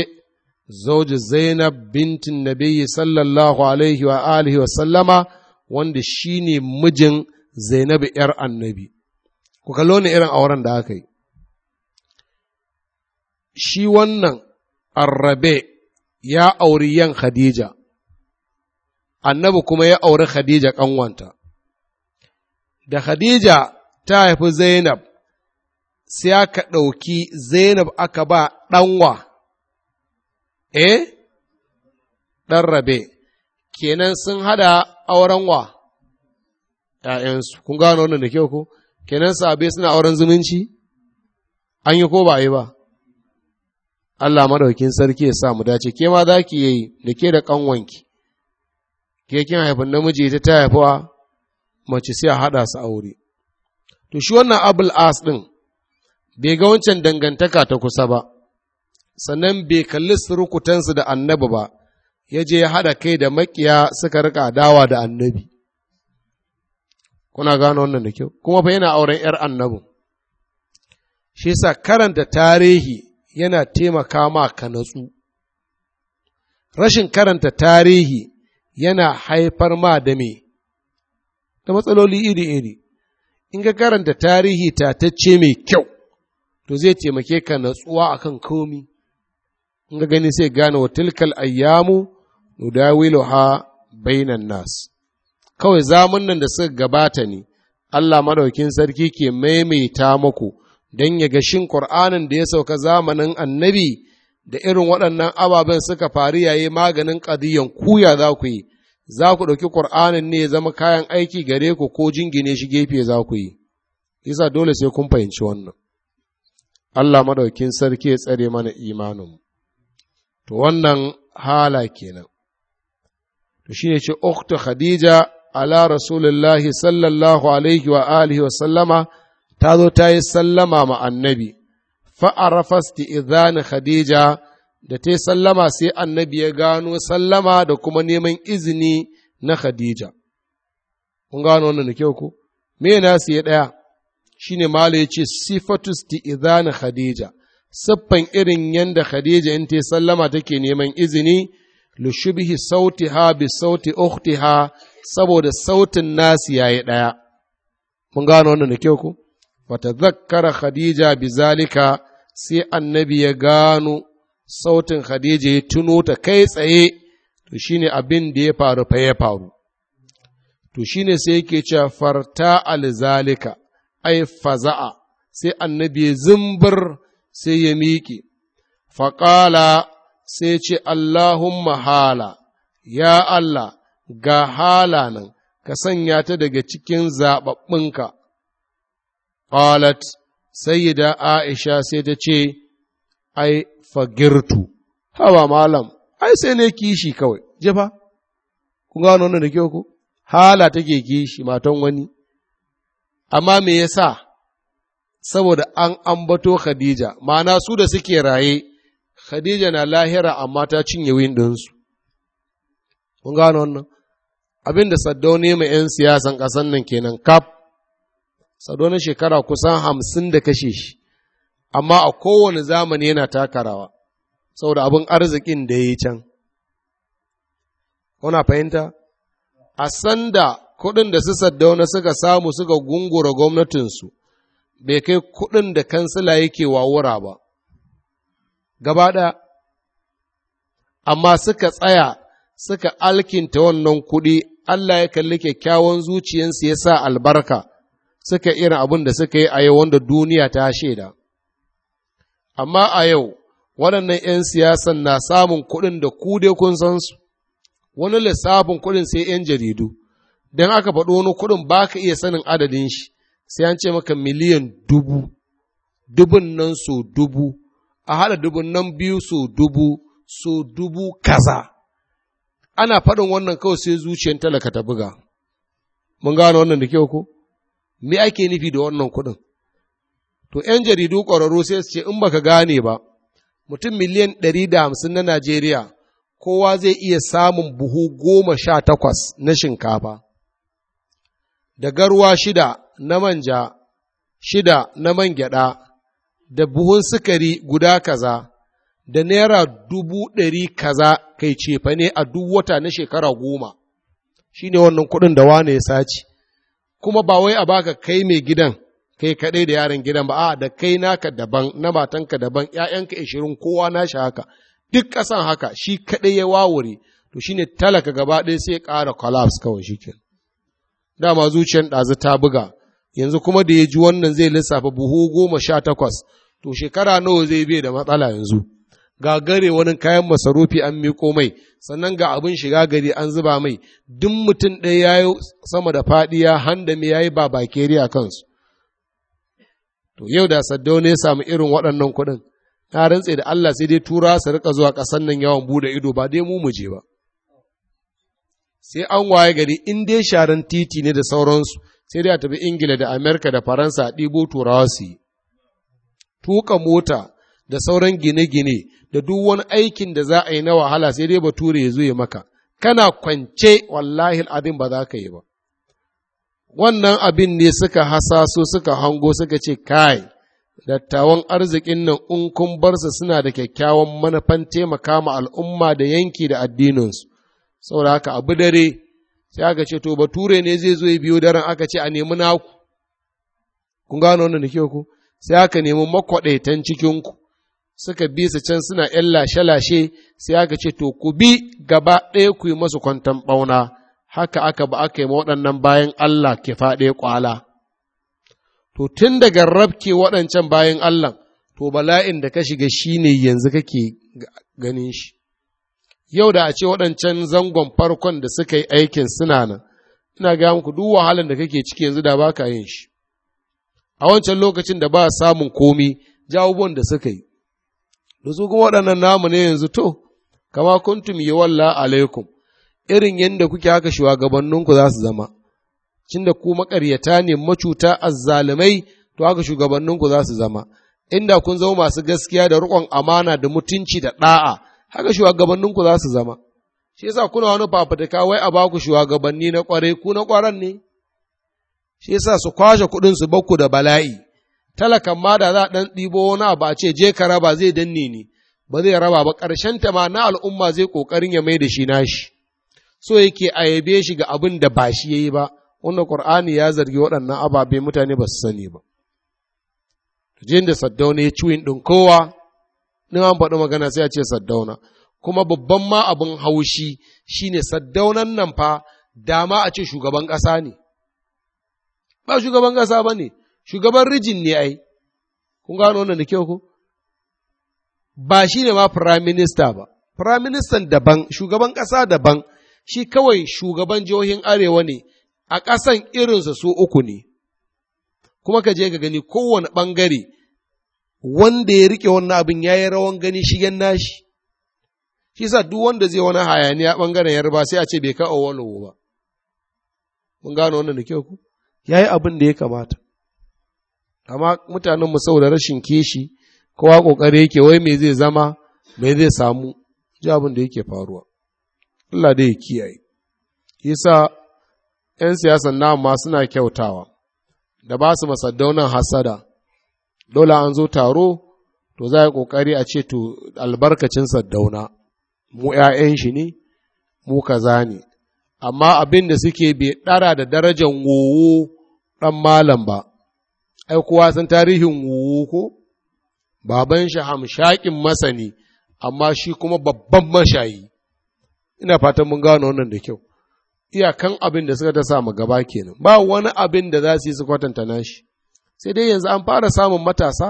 zauji zainab bintin nabiyyi sallallahu alaihi wa alihi wa sallama wanda shine mijin zainab yar annabi ku kallo ne irin auren da aka yi shi wannan arrabe ya auri yan khadija annabi kuma ya auri khadija kanwanta da khadija ta haifi zainab sai aka ɗauki zainab aka ba ɗanwa eh ɗan rabe kenan sun hada auren wa ‘ya'yansu kun gano wannan da kyau ko kenan sabe suna auren zumunci an yi ko ba yi ba Allah madaukin sarki ya sa mu dace ke ma za ki yi da ke da ƙanwanki ke kin haifin namiji ta ta haifuwa mace sai a haɗa su aure to shi wannan abul as ɗin bai ga wancan dangantaka ta kusa ba sannan bai kalli surukutansu da annabi ba ya je ya haɗa kai da makiya suka rika adawa da annabi kuna gano wannan da kyau kuma fa yana auren ‘yar annabin shi yasa karanta tarihi yana taimaka ma ka natsu rashin karanta tarihi yana haifar ma da me da matsaloli iri-iri in ka karanta tarihi tatacce mai kyau to zai taimake ka natsuwa akan komi in ga gani sai gane wa tilkal ayyamu ha bainan nas kawai zaman nan da suka gabata ne Allah madaukin sarki ke maimaita muku don ya ga shin Qur'anin da ya sauka zamanin annabi da irin waɗannan ababen suka faru yayi maganin ƙadiyan kuya za ku yi za ku ɗauki Qur'anin ne ya zama kayan aiki gare ku ko jingine shi gefe za ku yi yasa dole sai kun fahimci wannan Allah madaukin sarki ya tsare mana imanin to wannan hala kenan to shine ce ukhtu khadija ala rasulullahi sallallahu alaihi wa alihi wa sallama ta zo ta yi sallama ma annabi fa arafasti isti'izani khadija da ta yi sallama sai annabi ya gano sallama da kuma neman izini na khadija kun gano wannan da kyau ko me na siya ɗaya shine mala ya ce sifatu isti'izani khadija siffan irin yadda Khadija in ta sallama take neman izini sauti ha bi sauti ukhtiha saboda sautin ya yayi ɗaya. mun gano wannan da kyau ku zakkara Khadija bi zalika sai annabi ya gano sautin Khadija ya tuno ta kai tsaye to ne abin da ya faru fa ya faru to ne sai yake cewa farta alzalika ai faza'a sai annabi zumbur sai ya miƙe, faƙala sai ce Allahumma hala, ya Allah, ga hala nan, ka sanya ta daga cikin zaɓaɓɓunka. Qalat sayyida Aisha sai ta ce, Ai, fagirtu, hawa malam, ai sai ne kishi kawai, jefa, kun gano wannan da kyau ku? Hala take kishi matan wani, amma me yasa saboda an ambato Khadija, ma'ana su da suke raye, Khadija na lahira amma ta cinye windinsu. Kun gano wannan? Abin da saddaune mai ‘yan siyasan ƙasan nan kenan kaf, saddaune shekara kusan hamsin da kashe shi, amma a kowane zamani yana takarawa, saboda abin arzikin da ya yi can. Kuna fahimta? A sanda kuɗin da su saddaune suka samu suka gungura gwamnatinsu, bai kai kuɗin da kansila yake wawura ba, gaba ɗaya, amma suka tsaya suka alkinta wannan kuɗi, Allah ya kalli kyakkyawan zuciyansu ya sa albarka, suka irin abin da suka yi a yau wanda duniya ta shaida. Amma a yau, waɗannan ‘yan siyasan na samun kuɗin da ku kun san su, wani lissafin kuɗin sai ‘yan jaridu, don aka faɗo wani kuɗin ba ka iya sanin adadin shi. sai an ce maka miliyan dubu dubun nan so dubu a hada dubun nan biyu so dubu so dubu kaza ana faɗin wannan kawai sai zuciyar talaka ta buga mun gano wannan da kyau ko me ake nufi da wannan kuɗin to 'yan jaridu ƙwararru sai su ce in baka gane ba mutum miliyan ɗari da hamsin na Najeriya kowa zai iya samun buhu goma sha takwas na shinkafa da garwa shida na manja, shida na man gyaɗa, da buhun sukari guda kaza, da naira dubu ɗari kaza kai cefa ne a duk wata na shekara goma, shi ne wannan kuɗin da wane ya sace, kuma ba wai a baka kai mai gidan, kai kaɗai da yaran gidan ba, a da kai naka daban, na matanka daban, ‘ya'yanka ashirin kowa nashi haka, duk ƙasan haka, shi kaɗai ya wawure, to shi ne talaka gaba ɗaya sai ya ƙara collapse kawai shi ke. Dama zuciyar ɗazu ta buga, yanzu kuma da ya ji wannan zai lissafa buhu goma sha takwas to shekara nawa zai bai da matsala yanzu ga gare wani kayan masarufi an miko mai sannan ga abin shiga gari an zuba mai duk mutum ɗaya ya yi sama da faɗi ya handa mai ya yi ba bakeri a kansu to yau da saddau ne ya samu irin waɗannan kuɗin na rantse da Allah sai dai tura su rika zuwa ƙasar nan yawan buɗe ido ba dai mu mu je ba sai an waye gari in dai sharan titi ne da sauransu sai dai a tafi ingila da amerika da faransa a ɗibo turawa su yi tuka mota da sauran gine-gine da duk wani aikin da za a yi na wahala sai dai bature ya zo ya maka kana kwance wallahi abin ba za ka yi ba wannan abin ne suka hasaso suka hango suka ce kai dattawan arzikin nan in kun bar su suna da kyakkyawan manufan taimaka ma al'umma da yanki da addininsu saboda haka abu dare sai aka ce to bature ne zai zo ya biyo daren aka ce a nemi naku kun gano wannan da ke ku sai aka nemi makwaɗaitan cikinku suka bi su can suna ‘yan lashe-lashe sai aka ce to ku bi gaba ɗaya ku yi masu kwantan bauna haka aka ba aka yi waɗannan bayan Allah ke faɗe ƙwala. To tun daga rabke waɗancan bayan Allah to bala'in da ka shiga shi ne yanzu kake ganin shi. yau da a ce waɗancan zangon farkon da suka yi aikin suna nan ina ga muku duk wahalar da kake ciki yanzu da baka yin shi a wancan lokacin da ba samun komi jawabon da suka yi da su kuma waɗannan namu ne yanzu to kama kuntum yi walla alaikum irin yadda kuke haka shugabanninku za su zama cin da ku maƙaryata ne macuta azzalumai to haka shugabanninku za su zama inda kun zama masu gaskiya da riƙon amana da mutunci da ɗa'a haka ku za su zama shi yasa kuna wani fafutuka wai a baku shugabanni na kwarai ku na kwaran ne shi yasa su kwashe kuɗin su bakku da bala'i talakan ma da za ɗan ɗibo wani abu a ce je ka raba zai danne ni ba zai raba ba ƙarshen ta ma na al'umma zai ƙoƙarin ya mai da shi nashi so yake a yabe shi ga abin da ba shi yayi ba wanda Qur'ani ya zargi waɗannan ababe mutane ba su sani ba jin da saddauna ya ciwin ɗin kowa in an faɗi magana sai a ce saddauna kuma babban ma abin haushi shine saddaunan nan fa dama a ce shugaban ƙasa ne ba shugaban ƙasa ba ne shugaban rijin ne ai kun gano wannan da kyau ko ba shi ne ma firayim minista ba firayim ministan daban shugaban ƙasa daban shi kawai shugaban jihohin arewa ne a ƙasan irinsa su uku ne kuma ka je ka gani kowane ɓangare wanda ya rike wannan abin ya yi rawan gani shigen nashi shi sa duk wanda zai wani hayaniya ɓangaren yarba sai a ce bai kawo walowo ba mun gano wannan da kyau ku ya yi abin da ya kamata amma mutanenmu saboda rashin kishi kowa ƙoƙari yake wai me zai zama mai zai samu ji abin da yake faruwa Allah dai ya kiyaye yasa 'yan siyasan ma suna kyautawa da ba su masaddaunan hasada dole an zo taro to za a kokari a ce to albarkacin saddauna mu ‘ya'yan shi ne mu kaza ne amma abin da suke bai ɗara da darajar wowo ɗan malam ba ai kowa san tarihin wowo ko baban shi hamshakin masani amma shi kuma babban mashayi ina fatan mun gano wannan da kyau iyakan abin da suka ta sa mu gaba kenan ba wani abin da za su yi su kwatanta nashi sai dai yanzu an fara samun matasa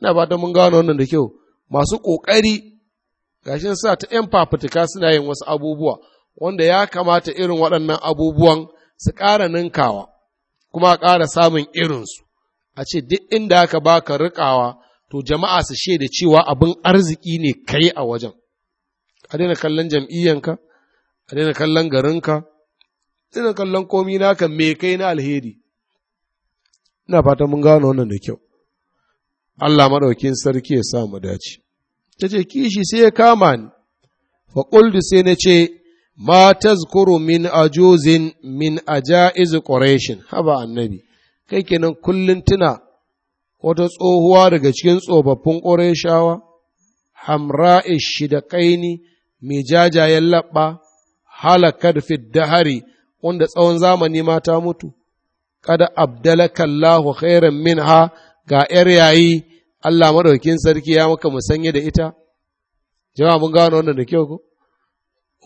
ina ba mun gano wannan da kyau masu ƙoƙari gashin sa ta ‘yan fafutuka suna yin wasu abubuwa wanda ya kamata irin waɗannan abubuwan su ƙara ninkawa kuma a ƙara samun irinsu a ce duk inda aka baka rikawa to jama'a su shaida cewa abin arziki ne kai a wajen a daina kallon jam'iyyanka a daina kallon garinka daina kallon komi naka me kai na alheri ina fata mun gano wannan da kyau Allah maɗaukin sarki ya sa mu dace ta ce kishi sai ya kama ni fa sai na ce ma tazkuru min ajuzin min ajaiz quraish haba annabi kai kenan kullun tuna wata tsohuwa daga cikin tsofaffin qurayshawa hamra'i shidaqaini mai jajayen labba halakar fi dahari wanda tsawon zamani mata mutu kada abdalaka Allahu khairan minha ga ‘yar yayi Allah maɗaukin sarki ya maka musanye da ita, jama mun gano wannan da kyau ko?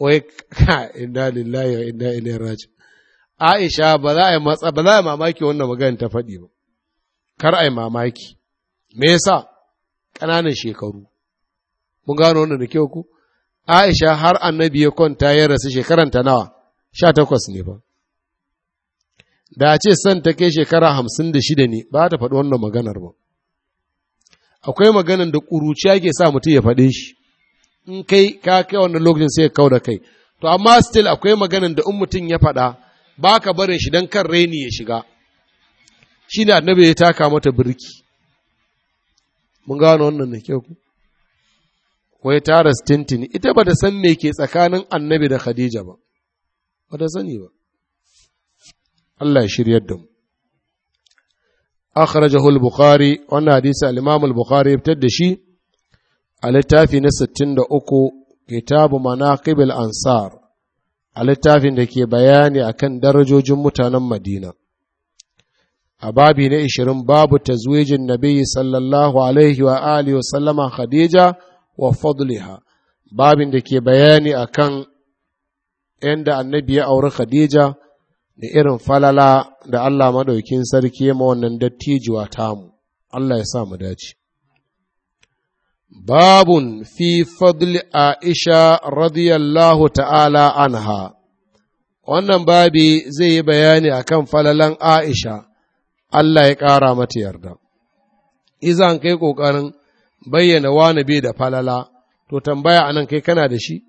Wai inna inda lillahi wa inda ilai raji. Aisha ba za a yi matsa ba za a mamaki wannan magana ta faɗi ba, kar a yi mamaki. Me yasa ƙananan shekaru, mun gano wannan da kyau ko? Aisha har annabi ya kwanta ya rasu shekaranta nawa, sha takwas ne ba. da a ce son ta kai shekara hamsin da shida ne ba ta faɗi wannan maganar ba akwai maganar da ƙuruciya ke sa mutum ya faɗe shi in kai ka kai wannan lokacin sai kau da kai to amma still akwai maganar da in mutum ya faɗa ba ka barin shi don kan raini ya shiga shi ne annabi ya taka mata birki mun gano wannan da kyau ku wai tara stintini ita ba ta san me ke tsakanin annabi da khadija ba ba ta sani ba Allah ya shiryar da mu akhrajahu al-bukhari wannan hadisi al Bukhari, ya fitar da shi a littafi na 63 kitabu mana al-ansar a littafin da ke bayani akan darajojin mutanen Madina a babi na 20 babu tazwijin nabiyyi sallallahu alaihi wa alihi wa sallama khadija wa fadliha babin da ke bayani akan yadda annabi ya auri khadija da irin falala da Allah maɗaukin sarki ya wannan dattijuwa tamu Allah ya sa mu dace babun fi fadli aisha radiyallahu ta'ala anha wannan babi zai yi bayani akan falalan aisha Allah ya ƙara mata yarda izan kai ƙoƙarin bayyana wani bai da falala to tambaya anan kai kana da shi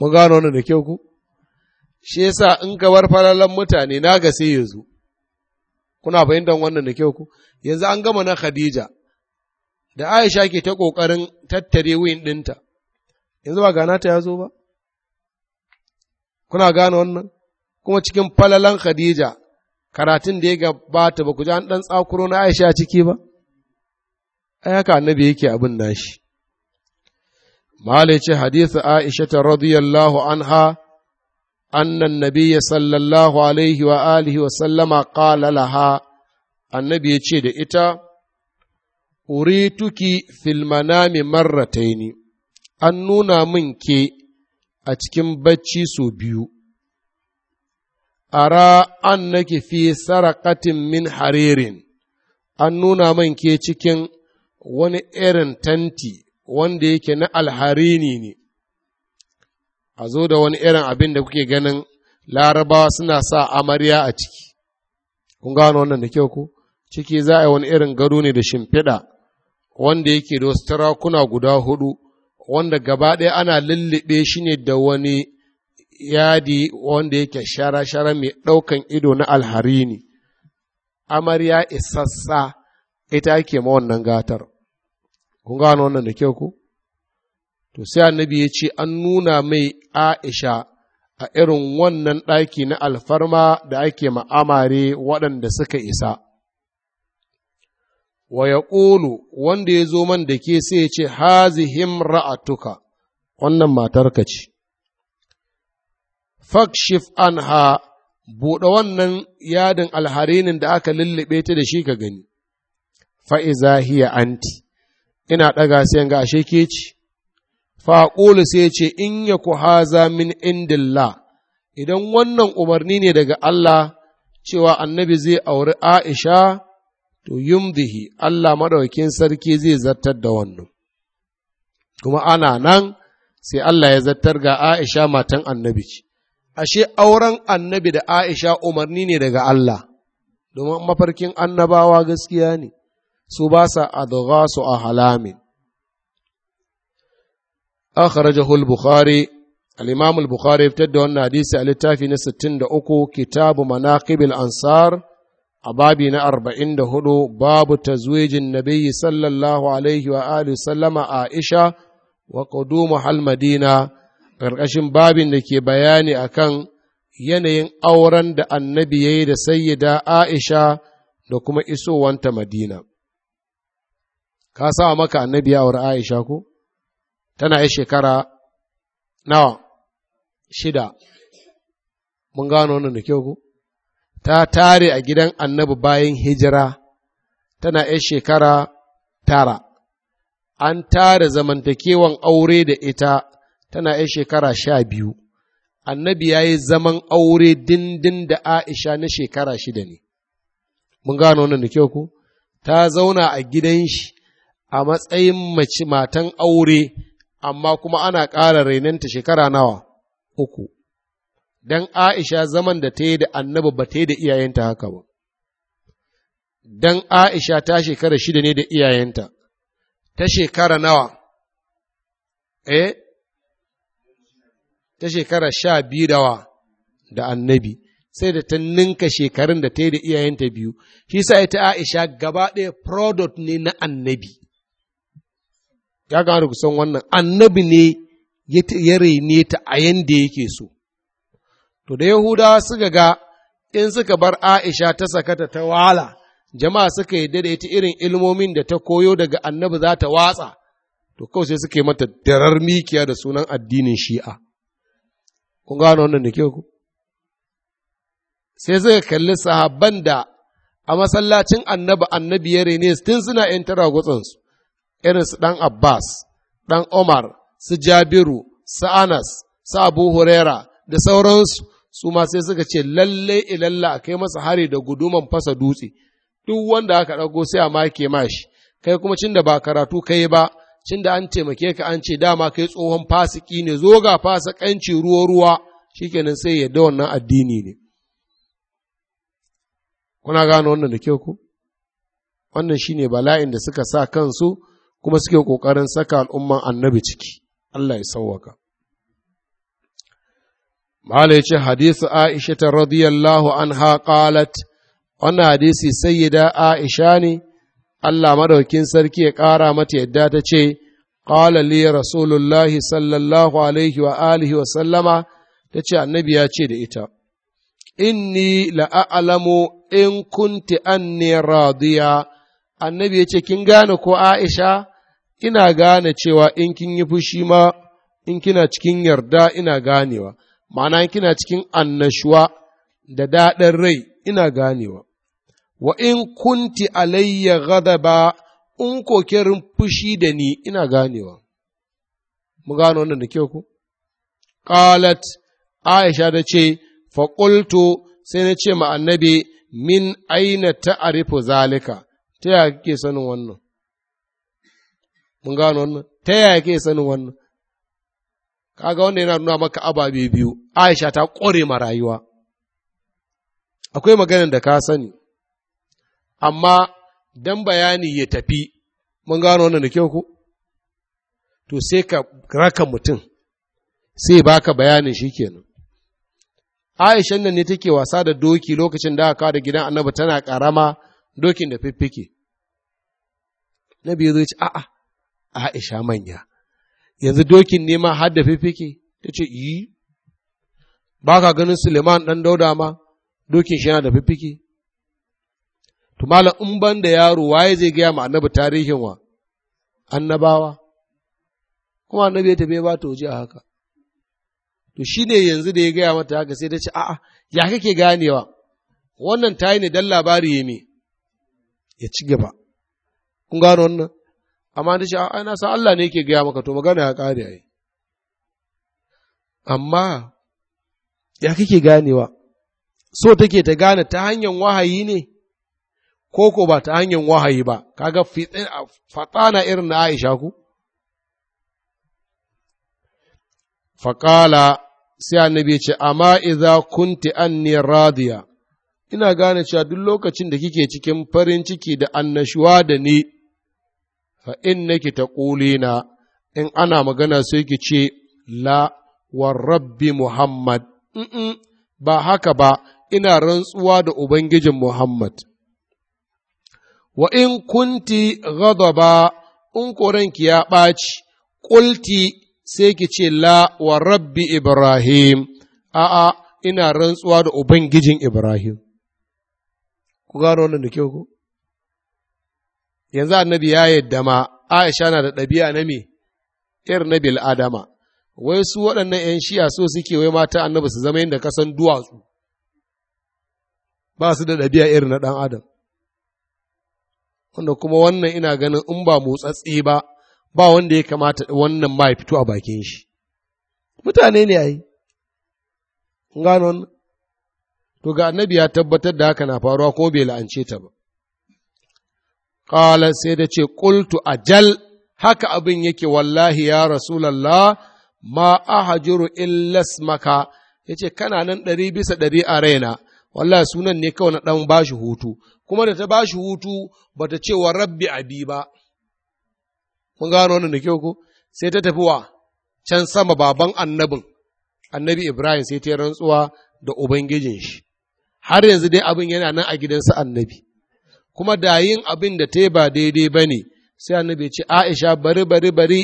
mu gano wannan da kyau ku shi yasa in ka bar falalan mutane na ga sai yanzu kuna fahimtar wannan da kyau ku yanzu an gama na Khadija da Aisha ke ta kokarin tattare wuyin dinta yanzu ba gana ta yazo ba kuna gane wannan kuma cikin falalan Khadija karatun da ya gabata ba ku ji an dan tsakuro na Aisha ciki ba ai haka annabi yake abin nashi Malice hadisi Aisha ta radiyallahu anha أن النبي صلى الله عليه وآله وسلم قال لها النبي يشيد إتا أريتك في المنام مرتين an nuna min ke a cikin bacci sau biyu, ara an nake fi sarakatin min haririn, an nuna min ke cikin wani irin tanti wanda yake na alharini ne, a zo da wani irin abin da kuke ganin larabawa suna sa amarya a ciki kun gano wannan da kyau ko ciki za a yi wani irin gado ne da shimfiɗa wanda yake da wasu tarakuna guda hudu wanda gaba ɗaya ana lullube shi ne da wani yadi wanda yake shara-shara mai ɗaukan ido na alharini amarya isassa ita ake ma wannan gatar kun gano wannan da kyau ku to sai annabi ya ce an nuna mai aisha a irin wannan ɗaki na alfarma da ake ma'amare waɗanda suka isa wa ya ƙulu wanda ya zo man da ke sai ya ce hazihim ra'atuka wannan matarka ce fakshif ha buɗe wannan yadin alharinin da aka lullube ta da shi ka gani fa'iza hiya anti ina ɗaga sai ga ashe ke ce faƙulu sai ce in ya ku haza min indillah idan wannan umarni ne daga Allah cewa annabi zai auri Aisha to yumdihi Allah maɗaukin sarki zai zartar da wannan kuma ana nan sai Allah ya zartar ga Aisha matan annabi ce ashe auren annabi da Aisha umarni ne daga Allah domin mafarkin annabawa gaskiya ne su ba sa adghasu a halamin akhrajahu al-bukhari al-imam al a littafi na 63 kitabu manaqibil ansar a babi na 44 babu tazwijin nabiyyi sallallahu alaihi wa alihi aisha wa qudumu hal madina karkashin babin da ke bayani akan yanayin auren da annabi yayi da sayyida aisha da kuma isowanta madina ka sa maka annabi ya aure aisha ko tana yi shekara nawa shida mun gano wannan da kyau ku ta tare a gidan annabi bayan hijira tana yi shekara tara an tare zamantakewan aure da ita tana yi shekara sha biyu annabi ya yi zaman aure dindin da aisha na shekara shida ne mun gano wannan da kyau ku ta zauna a gidan shi a matsayin mace matan aure amma kuma ana ƙara renanta shekara nawa uku, don Aisha zaman da ta yi da annabi ba ta yi da iyayenta haka ba, don Aisha ta shekara shida ne da iyayenta, ta shekara nawa, eh, ta shekara sha biyu dawa da annabi. sai da ta ninka shekarun da ta yi da iyayenta biyu, shi sa ita Aisha gaba ɗaya product ne na annabi. ya gane ku san wannan annabi ne ya rene ta a yanda yake so to da yahudawa suka ga in suka bar aisha ta sakata ta wala jama'a suka yi da ita irin ilmomin da ta koyo daga annabi za ta watsa to kawai sai suka yi mata darar mikiya da sunan addinin shi'a kun gano wannan da ke ku sai suka kalli sahabban da a masallacin annabi annabi ya tun suna yan tara gutsansu irin su ɗan Abbas, ɗan Omar, su Jabiru, su Anas, su Abu Huraira da sauransu su ma sai suka ce lalle ilalla a kai masa hari da guduman fasa dutse duk wanda aka ɗago sai a make mashi kai kuma cin da ba karatu kai ba cin da an taimake ka an ce dama kai tsohon fasiki ne zo ga fasikanci ruwa ruwa shikenan sai yadda wannan addini ne kuna gano wannan da kyau ku wannan shine bala'in da suka sa kansu kuma suke ƙoƙarin saka al'umman annabi ciki Allah ya sauwaka Mala ya ce hadisu Aisha ta radiyallahu anha haƙalat, wannan hadisi sayyida Aisha ne Allah madaukin sarki ya ƙara mata yadda ta ce qala li rasulullahi sallallahu alaihi wa alihi wa sallama ta ce annabi ya ce da ita inni la'a'alamu in kunti ne radiya annabi ya ce kin gane ko aisha ina gane cewa in kin yi fushi ma in kina cikin yarda ina ganewa ma'ana in kina cikin annashuwa da daɗin rai ina ganewa wa in kunti alayya ghadaba in kokerin fushi da ni ina ganewa mu gano wannan da kyau ku qalat aisha da ce fa sai na ce ma annabi min aina ta'rifu zalika ta ya kike sanin wannan mun gano wannan ta yaya ke sanin wannan kaga wannan yana nuna maka ababe biyu aisha ta kore ma rayuwa akwai maganin da ka sani amma dan bayani ya tafi mun gano wannan da kyau ko to sai ka raka mutum sai baka bayanin shi kenan Aisha nan ne take wasa da doki lokacin da aka da gidan Annabi tana karama dokin da fiffike Nabi zai ce a'a Aisha manya, yanzu dokin nema har da fifike, ta ce, yi, ba ka ganin Suleiman ɗan dauda ma, dokin shi yana da fifike. Tumala in ban da yaro waye zai gaya ma annabi tarihin wa, annabawa, kuma annabi ya tafi ba ta waje a haka. To shi ne yanzu da ya gaya mata haka sai ta ce, a'a, ya kake ganewa, wannan ta yi ne don labari ya ci gaba. Kun gano wannan? amma da shi a ana san Allah ne yake gaya maka to magana ya ƙare ai amma ya kake ganewa so take ta gane ta hanyar wahayi ne ko ko ba ta hanyar wahayi ba kaga eh, fatana irin na Aisha ku faƙala sai annabi ce amma idza kunti anni radiya ina gane cewa duk lokacin da kike cikin farin ciki da annashuwa da ni fa innaki na, in ana magana sai ki ce la wa rabbi muhammad ba haka ba ina rantsuwa da ubangijin muhammad wa in kunti ghadaba in koranki ya ɓaci ƙulti sai ki ce la wa rabbi ibrahim a'a ina rantsuwa da ubangijin ibrahim ku gano wannan da kyau ko yanzu annabi ya yadda ma aisha na da ɗabi'a na me irin na bil adama wai su waɗannan 'yan shiya so suke wai mata annabi su zama yadda kasan duwatsu ba su da ɗabi'a irin na ɗan adam wanda kuma wannan ina ganin in ba motsatsi ba ba wanda ya kamata wannan ma ya fito a bakin shi mutane ne ai gano to ga annabi ya tabbatar da haka na faruwa ko bai la'ance ta ba Ƙala sai da ce, Ƙultu ajal, haka abin yake wallahi ya Rasulallah, ma ahajiru illas maka, ya ce, kana nan ɗari bisa ɗari a raina, wallahi sunan ne kawai na ɗan bashi hutu, kuma da ta bashi hutu ba ta ce wa rabbi abi ba. Mun gano wannan da kyau ko? Sai ta tafi wa can sama baban annabin, annabi Ibrahim sai ta yi rantsuwa da Ubangijin shi, har yanzu dai abin yana nan a gidansa annabi. kuma da yin abin da ta ba daidai ba ne sai annabi ce aisha bari bari bari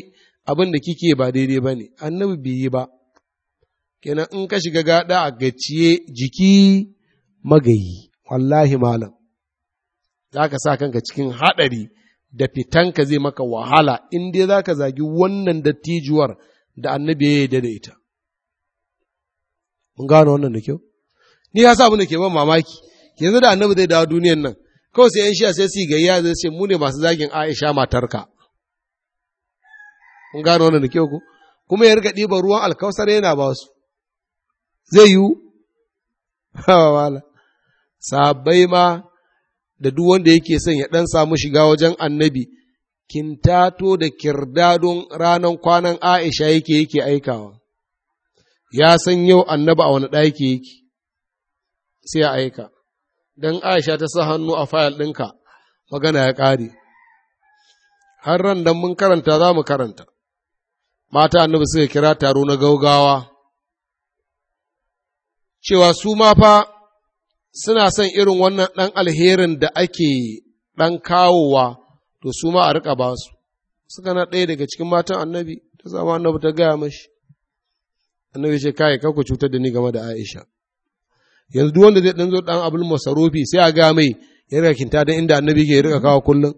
abin da kike ba daidai ba ne annabi bai yi ba kenan in ka shiga gada a gaciye jiki magayi wallahi malam za ka sa kanka cikin haɗari da fitanka zai maka wahala in dai za ka zagi wannan dattijuwar da annabi ya yi da ita mun gano wannan da kyau ni ya sa abin da ke ban mamaki yanzu da annabi zai dawo duniyan nan kawai sai ‘yan shiya sai su gayya zai ce mu ne masu zagin Aisha matarka. Kun gano wannan da kyau ku? Kuma ya riga ɗiba ruwan alkausar yana ba su. Zai yiwu? Hawa Sabai ma da duk wanda yake son ya ɗan samu shiga wajen annabi, kintato da kirdadun ranar kwanan Aisha yake yake aikawa. Ya san yau annaba a wani ɗaki yake, sai ya aika. don Aisha ta sa hannu a fayal ɗinka, magana ya ƙare. Har ran don mun karanta za mu karanta. Mata annabi suka kira taro na gaugawa, cewa su ma fa suna son irin wannan ɗan alherin da ake ɗan kawowa, to su ma a riƙa ba su. Suka na ɗaya daga cikin matan annabi, ta zama annabi ta gaya mashi. Annabi ce, kai, ka ku cutar da ni game da Aisha. yanzu duk wanda zai dan zo dan abul masarufi sai a ga mai ya rika kinta da inda annabi ke rika kawo kullum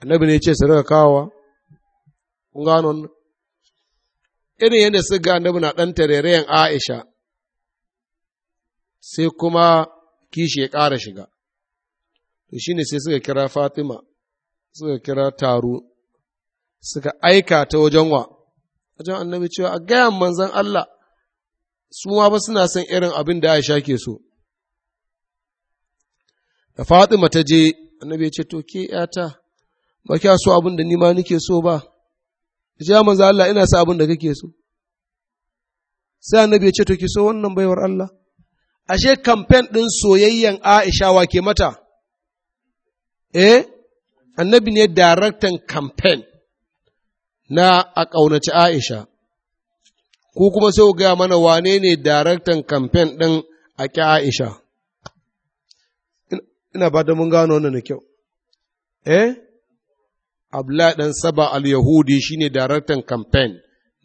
annabi ne yace ce su rika kawowa kun gano irin yadda su ga annabi na dan tarerayen Aisha sai kuma kishi ya ƙara shiga to shine sai suka kira Fatima suka kira taro suka aika ta wajen wa wajen annabi cewa a gayan manzon Allah su ma ba suna son irin abin da Aisha ke so. Da Fatima ta je, annabi ya ce, To, ke ‘yata, ba kya so abin da nima nike so ba, ya manzo Allah ina sa abin da kake so. Sai annabi ya ce, To, ke so wannan baiwar Allah. Ashe, kamfen ɗin soyayyen Aisha wa ke mata? Eh, annabi ne daraktan kamfen na a ƙaunaci Aisha. ku kuma sai ku gaya mana wane ne daraktan kamfen ɗin a ƙi Aisha. Ina ba da mun gano wannan da kyau. Eh? Abdullahi ɗan Saba al-Yahudi shi ne daraktan kamfen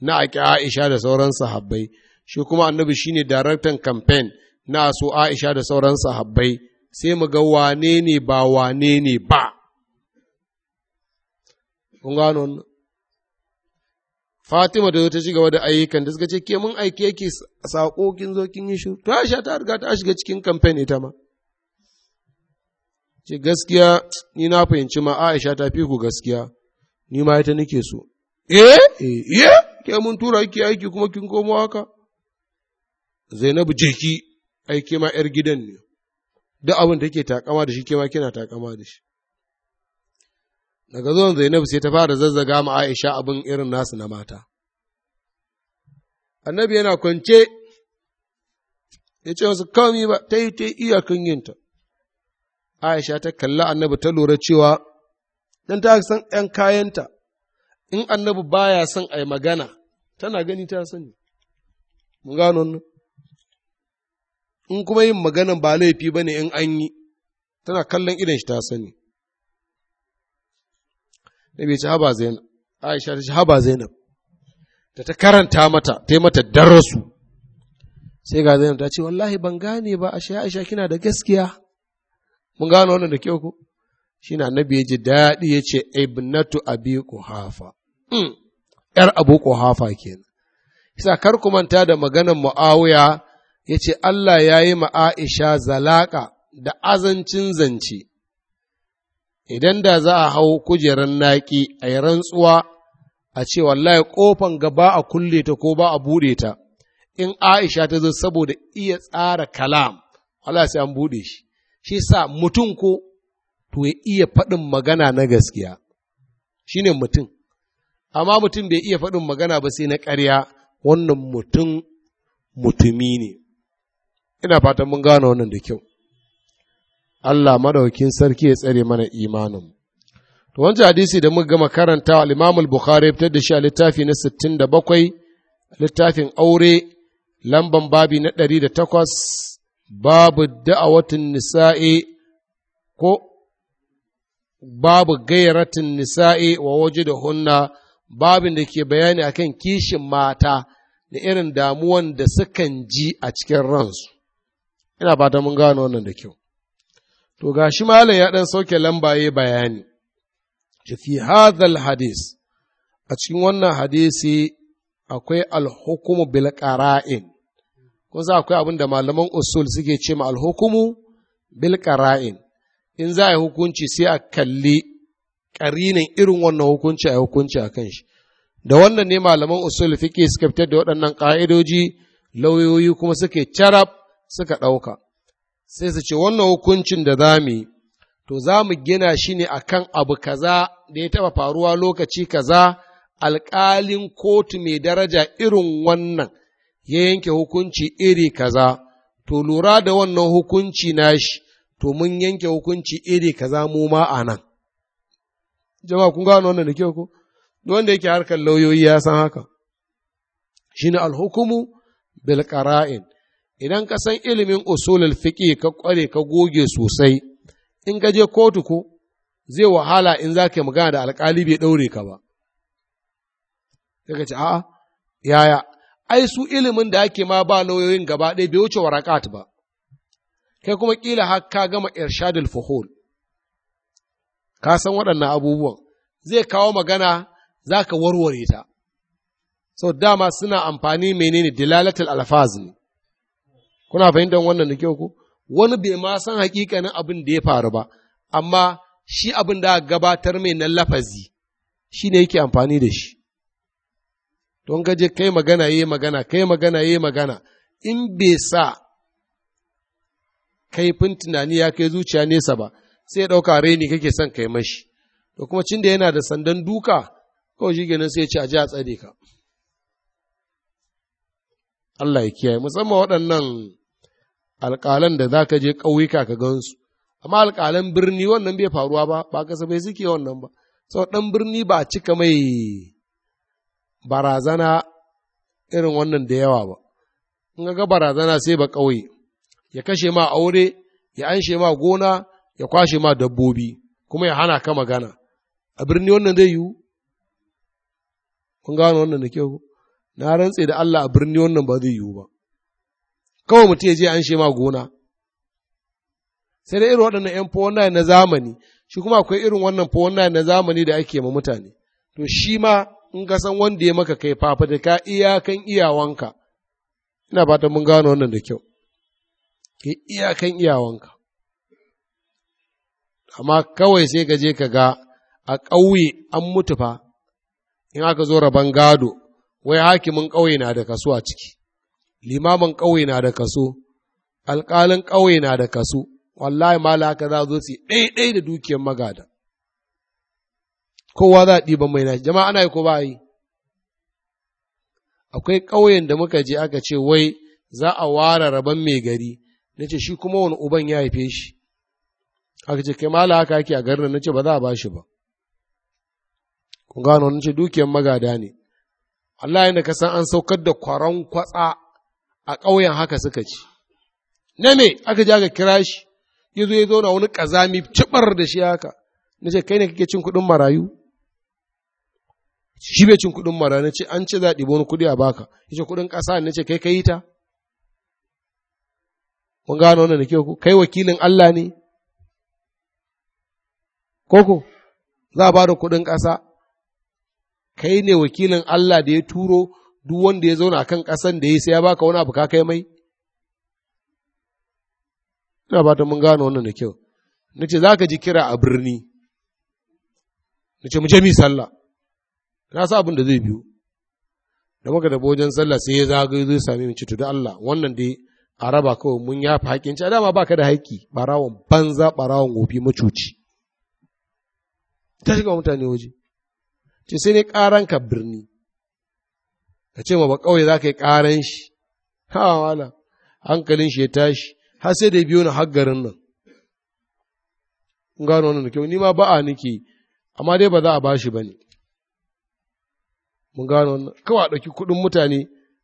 na a ƙi Aisha da sauran sahabbai, shi kuma annabi shi ne daraktan kamfen na so Aisha da sauran sahabbai, sai mu ga wane ne ba wane ne ba. Kun gano wannan? Fatima da ta shiga da ayyukan da suka ce ke mun aike yake saƙo kin zo kin yi shiru to Aisha ta riga ta shiga cikin kamfen ita ma ce gaskiya ni na fahimci ma Aisha ta fi ku gaskiya ni ma ita nake so eh eh ke mun tura ki aiki kuma kin komo haka Zainabu je ki aike ma yar gidan ne duk abin da take takama da shi ke ma kina takama da shi daga zuwan zainab sai ta fara zazzaga ma aisha abin irin nasu na mata annabi yana kwance ya ce wasu kawai ba ta yi ta iyakan yinta aisha ta kalla annabi ta lura cewa don ta san ‘yan kayanta in annabi baya son a yi magana tana gani ta sani mun gano nan in kuma yin maganan ba laifi ba ne in an yi tana kallon idan shi ta sani da bai ci zainab aisha ta ce, haba zainab da ta karanta mata ta yi mata darasu sai ga zainab ta ce wallahi ban gane ba shi aisha kina da gaskiya mun gano wannan da kyau ko na annabi ya ji daɗi ya ce ibnatu abi quhafa hmm. yar abu quhafa kenan isa kar ku manta da maganar muawiya ya ce Allah ya yi ma Aisha zalaka da azancin zance idan da za a hau kujerar naƙi a yi rantsuwa a ce wallahi ƙofan gaba a kulle ta ko ba a buɗe ta in aisha ta zo saboda iya tsara kalam wala sai an buɗe shi shi sa mutum ko to ya iya faɗin magana na gaskiya shine mutum amma mutum bai iya faɗin magana ba sai na ƙarya wannan mutum mutumi ne ina fatan mun gane wannan da kyau Allah madaukin sarki ya tsare mana imanin to wancan hadisi da muka gama karantawa al-Imam bukhari fitar da shi a littafi na 67 littafin aure lamban babi na 108 babu da'awatin nisa'i ko babu gairatin nisa'i wa waje da hunna babin da ke bayani akan kishin mata da irin damuwan da sukan ji a cikin ransu ina ba mun gano wannan da kyau To ga shi malam ya ɗan sauke lambaye bayani, fi hadhal hadis, a cikin wannan hadisi akwai alhukumu bil ƙara'in, ko za akwai abin da malaman usul suke ce ma alhukumu bil ƙara'in, in za a yi hukunci sai a kalli ƙarinin irin wannan hukunci a hukunci a kan shi. Da wannan ne malaman usul fiƙe suka fitar da waɗannan ƙa'idoji, lauyoyi kuma suke carab suka ɗauka. sai su ce wannan hukuncin da za mu to za mu gina shi ne a kan abu kaza da ya taɓa faruwa lokaci kaza alƙalin kotu mai daraja irin wannan ya yanke hukunci iri kaza to lura da wannan hukunci nashi to mun yanke hukunci iri kaza mu ma a nan jama'a kun gano wannan da ke ku? wanda yake harkar lauyoyi ya san haka shine alhukumu bil qara'in idan ka san ilimin usulul fiƙi ka kware ka goge sosai in ka je kotu ko zai wahala in za ka magana da alkali bai ɗaure ka ba sai ce a'a yaya ai su ilimin da ake ma ba lauyoyin gaba ɗaya bai wuce warakat ba kai kuma ƙila har ka gama irshadul fuhul ka san waɗannan abubuwan zai kawo magana za ka warware ta sau dama suna amfani menene dilalatul alfazi ne kuna fahimtar wannan da kyau ko wani bai ma san hakikanin abin da ya faru ba amma shi abin da gabatar mai na lafazi shi ne yake amfani da shi don gaje kai magana yi magana kai magana yi magana in bai sa kaifin tunani ya kai zuciya nesa ba sai ya ɗauka reni kake son kai mashi to kuma cin da yana da sandan duka kawai shi ganin sai ya ci a ji a tsare ka Allah ya kiyaye musamman waɗannan alƙalan da za ka je ƙauyuka ka gansu amma alƙalan birni wannan bai faruwa ba ba kasafai suke wannan ba sau ɗan birni ba a cika mai barazana irin wannan da yawa ba in ga barazana sai ba ƙauye ya kashe ma aure ya anshe ma gona ya kwashe ma dabbobi kuma ya hana ka magana a birni wannan zai yiwu kun gano wannan da kyau na rantse da Allah a birni wannan ba zai yiwu ba kawai mutum ya je an shema gona sai dai irin waɗannan ‘yan fowon na zamani shi kuma akwai irin wannan fowon na zamani da ake ma mutane to shi ma in ka san wanda ya maka kai fafataka iyakan iyawanka ina fatan mun gano wannan da kyau ke iyakan iyawanka amma kawai sai ka je ka ga a ƙauye an mutu fa in aka zo rabon gado wai hakimin ƙauye na da kasuwa ciki limamin ƙauye na da kaso alƙalin ƙauye na da kaso wallahi mala haka za zo su ɗaiɗai da dukiyar magada kowa za a ɗiban mai nashi jama'a ana yi ko ba yi akwai ƙauyen da muka je aka ce wai za a ware rabon mai gari na ce shi kuma wani uban ya haife shi aka ce kai mala haka ake a garin na ce ba za a ba shi ba kun gano na ce dukiyar magada ne Allah yana ka san an saukar da kwaron kwatsa a ƙauyen haka suka ci na me aka ji aka kira shi ya zo ya zauna wani ƙazami cibar da shi haka na ce kai ne kake cin kuɗin marayu shi bai cin kuɗin marayu na ce an ce za a ɗibo wani kuɗi a baka ya ce kuɗin ƙasa na ce kai ka yi ta kun gano wannan da ku kai wakilin Allah ne koko za a ba da kuɗin ƙasa kai ne wakilin Allah da ya turo duk wanda ya zauna kan ƙasan da ya sai ya baka wani abu ka kai mai ina ba ta mun gano wannan da kyau na ce za ka ji kira a birni na ce mu je mi sallah na sa abin da zai biyu da muka tafi wajen sallah sai ya zagayo zai sami mu ci da Allah wannan dai a raba kawai mun ya fi haƙƙin ci a dama baka da haƙƙi barawon banza barawon gofi macuci ta shiga mutane waje ce sai ne ƙaranka birni ka ce ba kawai za ka yi ƙaran shi hawa hankalin shi ya tashi har sai da biyo na haggarin nan gano wannan da kyau ni ma ba'a nake amma dai ba za a bashi ba ne mun gano wannan kawai a ɗauki kuɗin mutane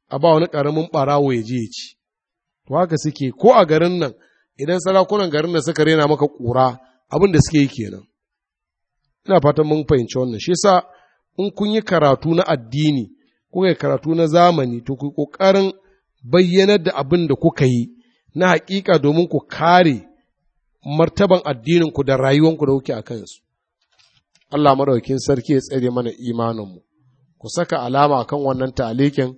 a ba wani ƙaramin ɓarawo ya je ya ci to haka suke ko a garin nan idan sarakunan garin nan suka rena maka ƙura abin da suke yi kenan ina fatan mun fahimci wannan shi yasa in kun yi karatu na addini kuka karatu na zamani to ku ƙoƙarin bayyanar da abin da kuka yi na haƙiƙa domin ku kare martaban addininku da rayuwanku da kuke a kansu. Allah maɗaukin sarki ya tsare mana imaninmu, ku saka alama a kan wannan talikin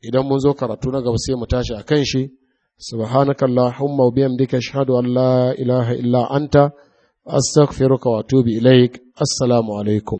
idan mun zo karatu na gaba sai mu tashi a kan shi, subhanakallahumma wa bihamdika ashhadu an la ilaha illa anta astaghfiruka wa atubu ilaik assalamu alaikum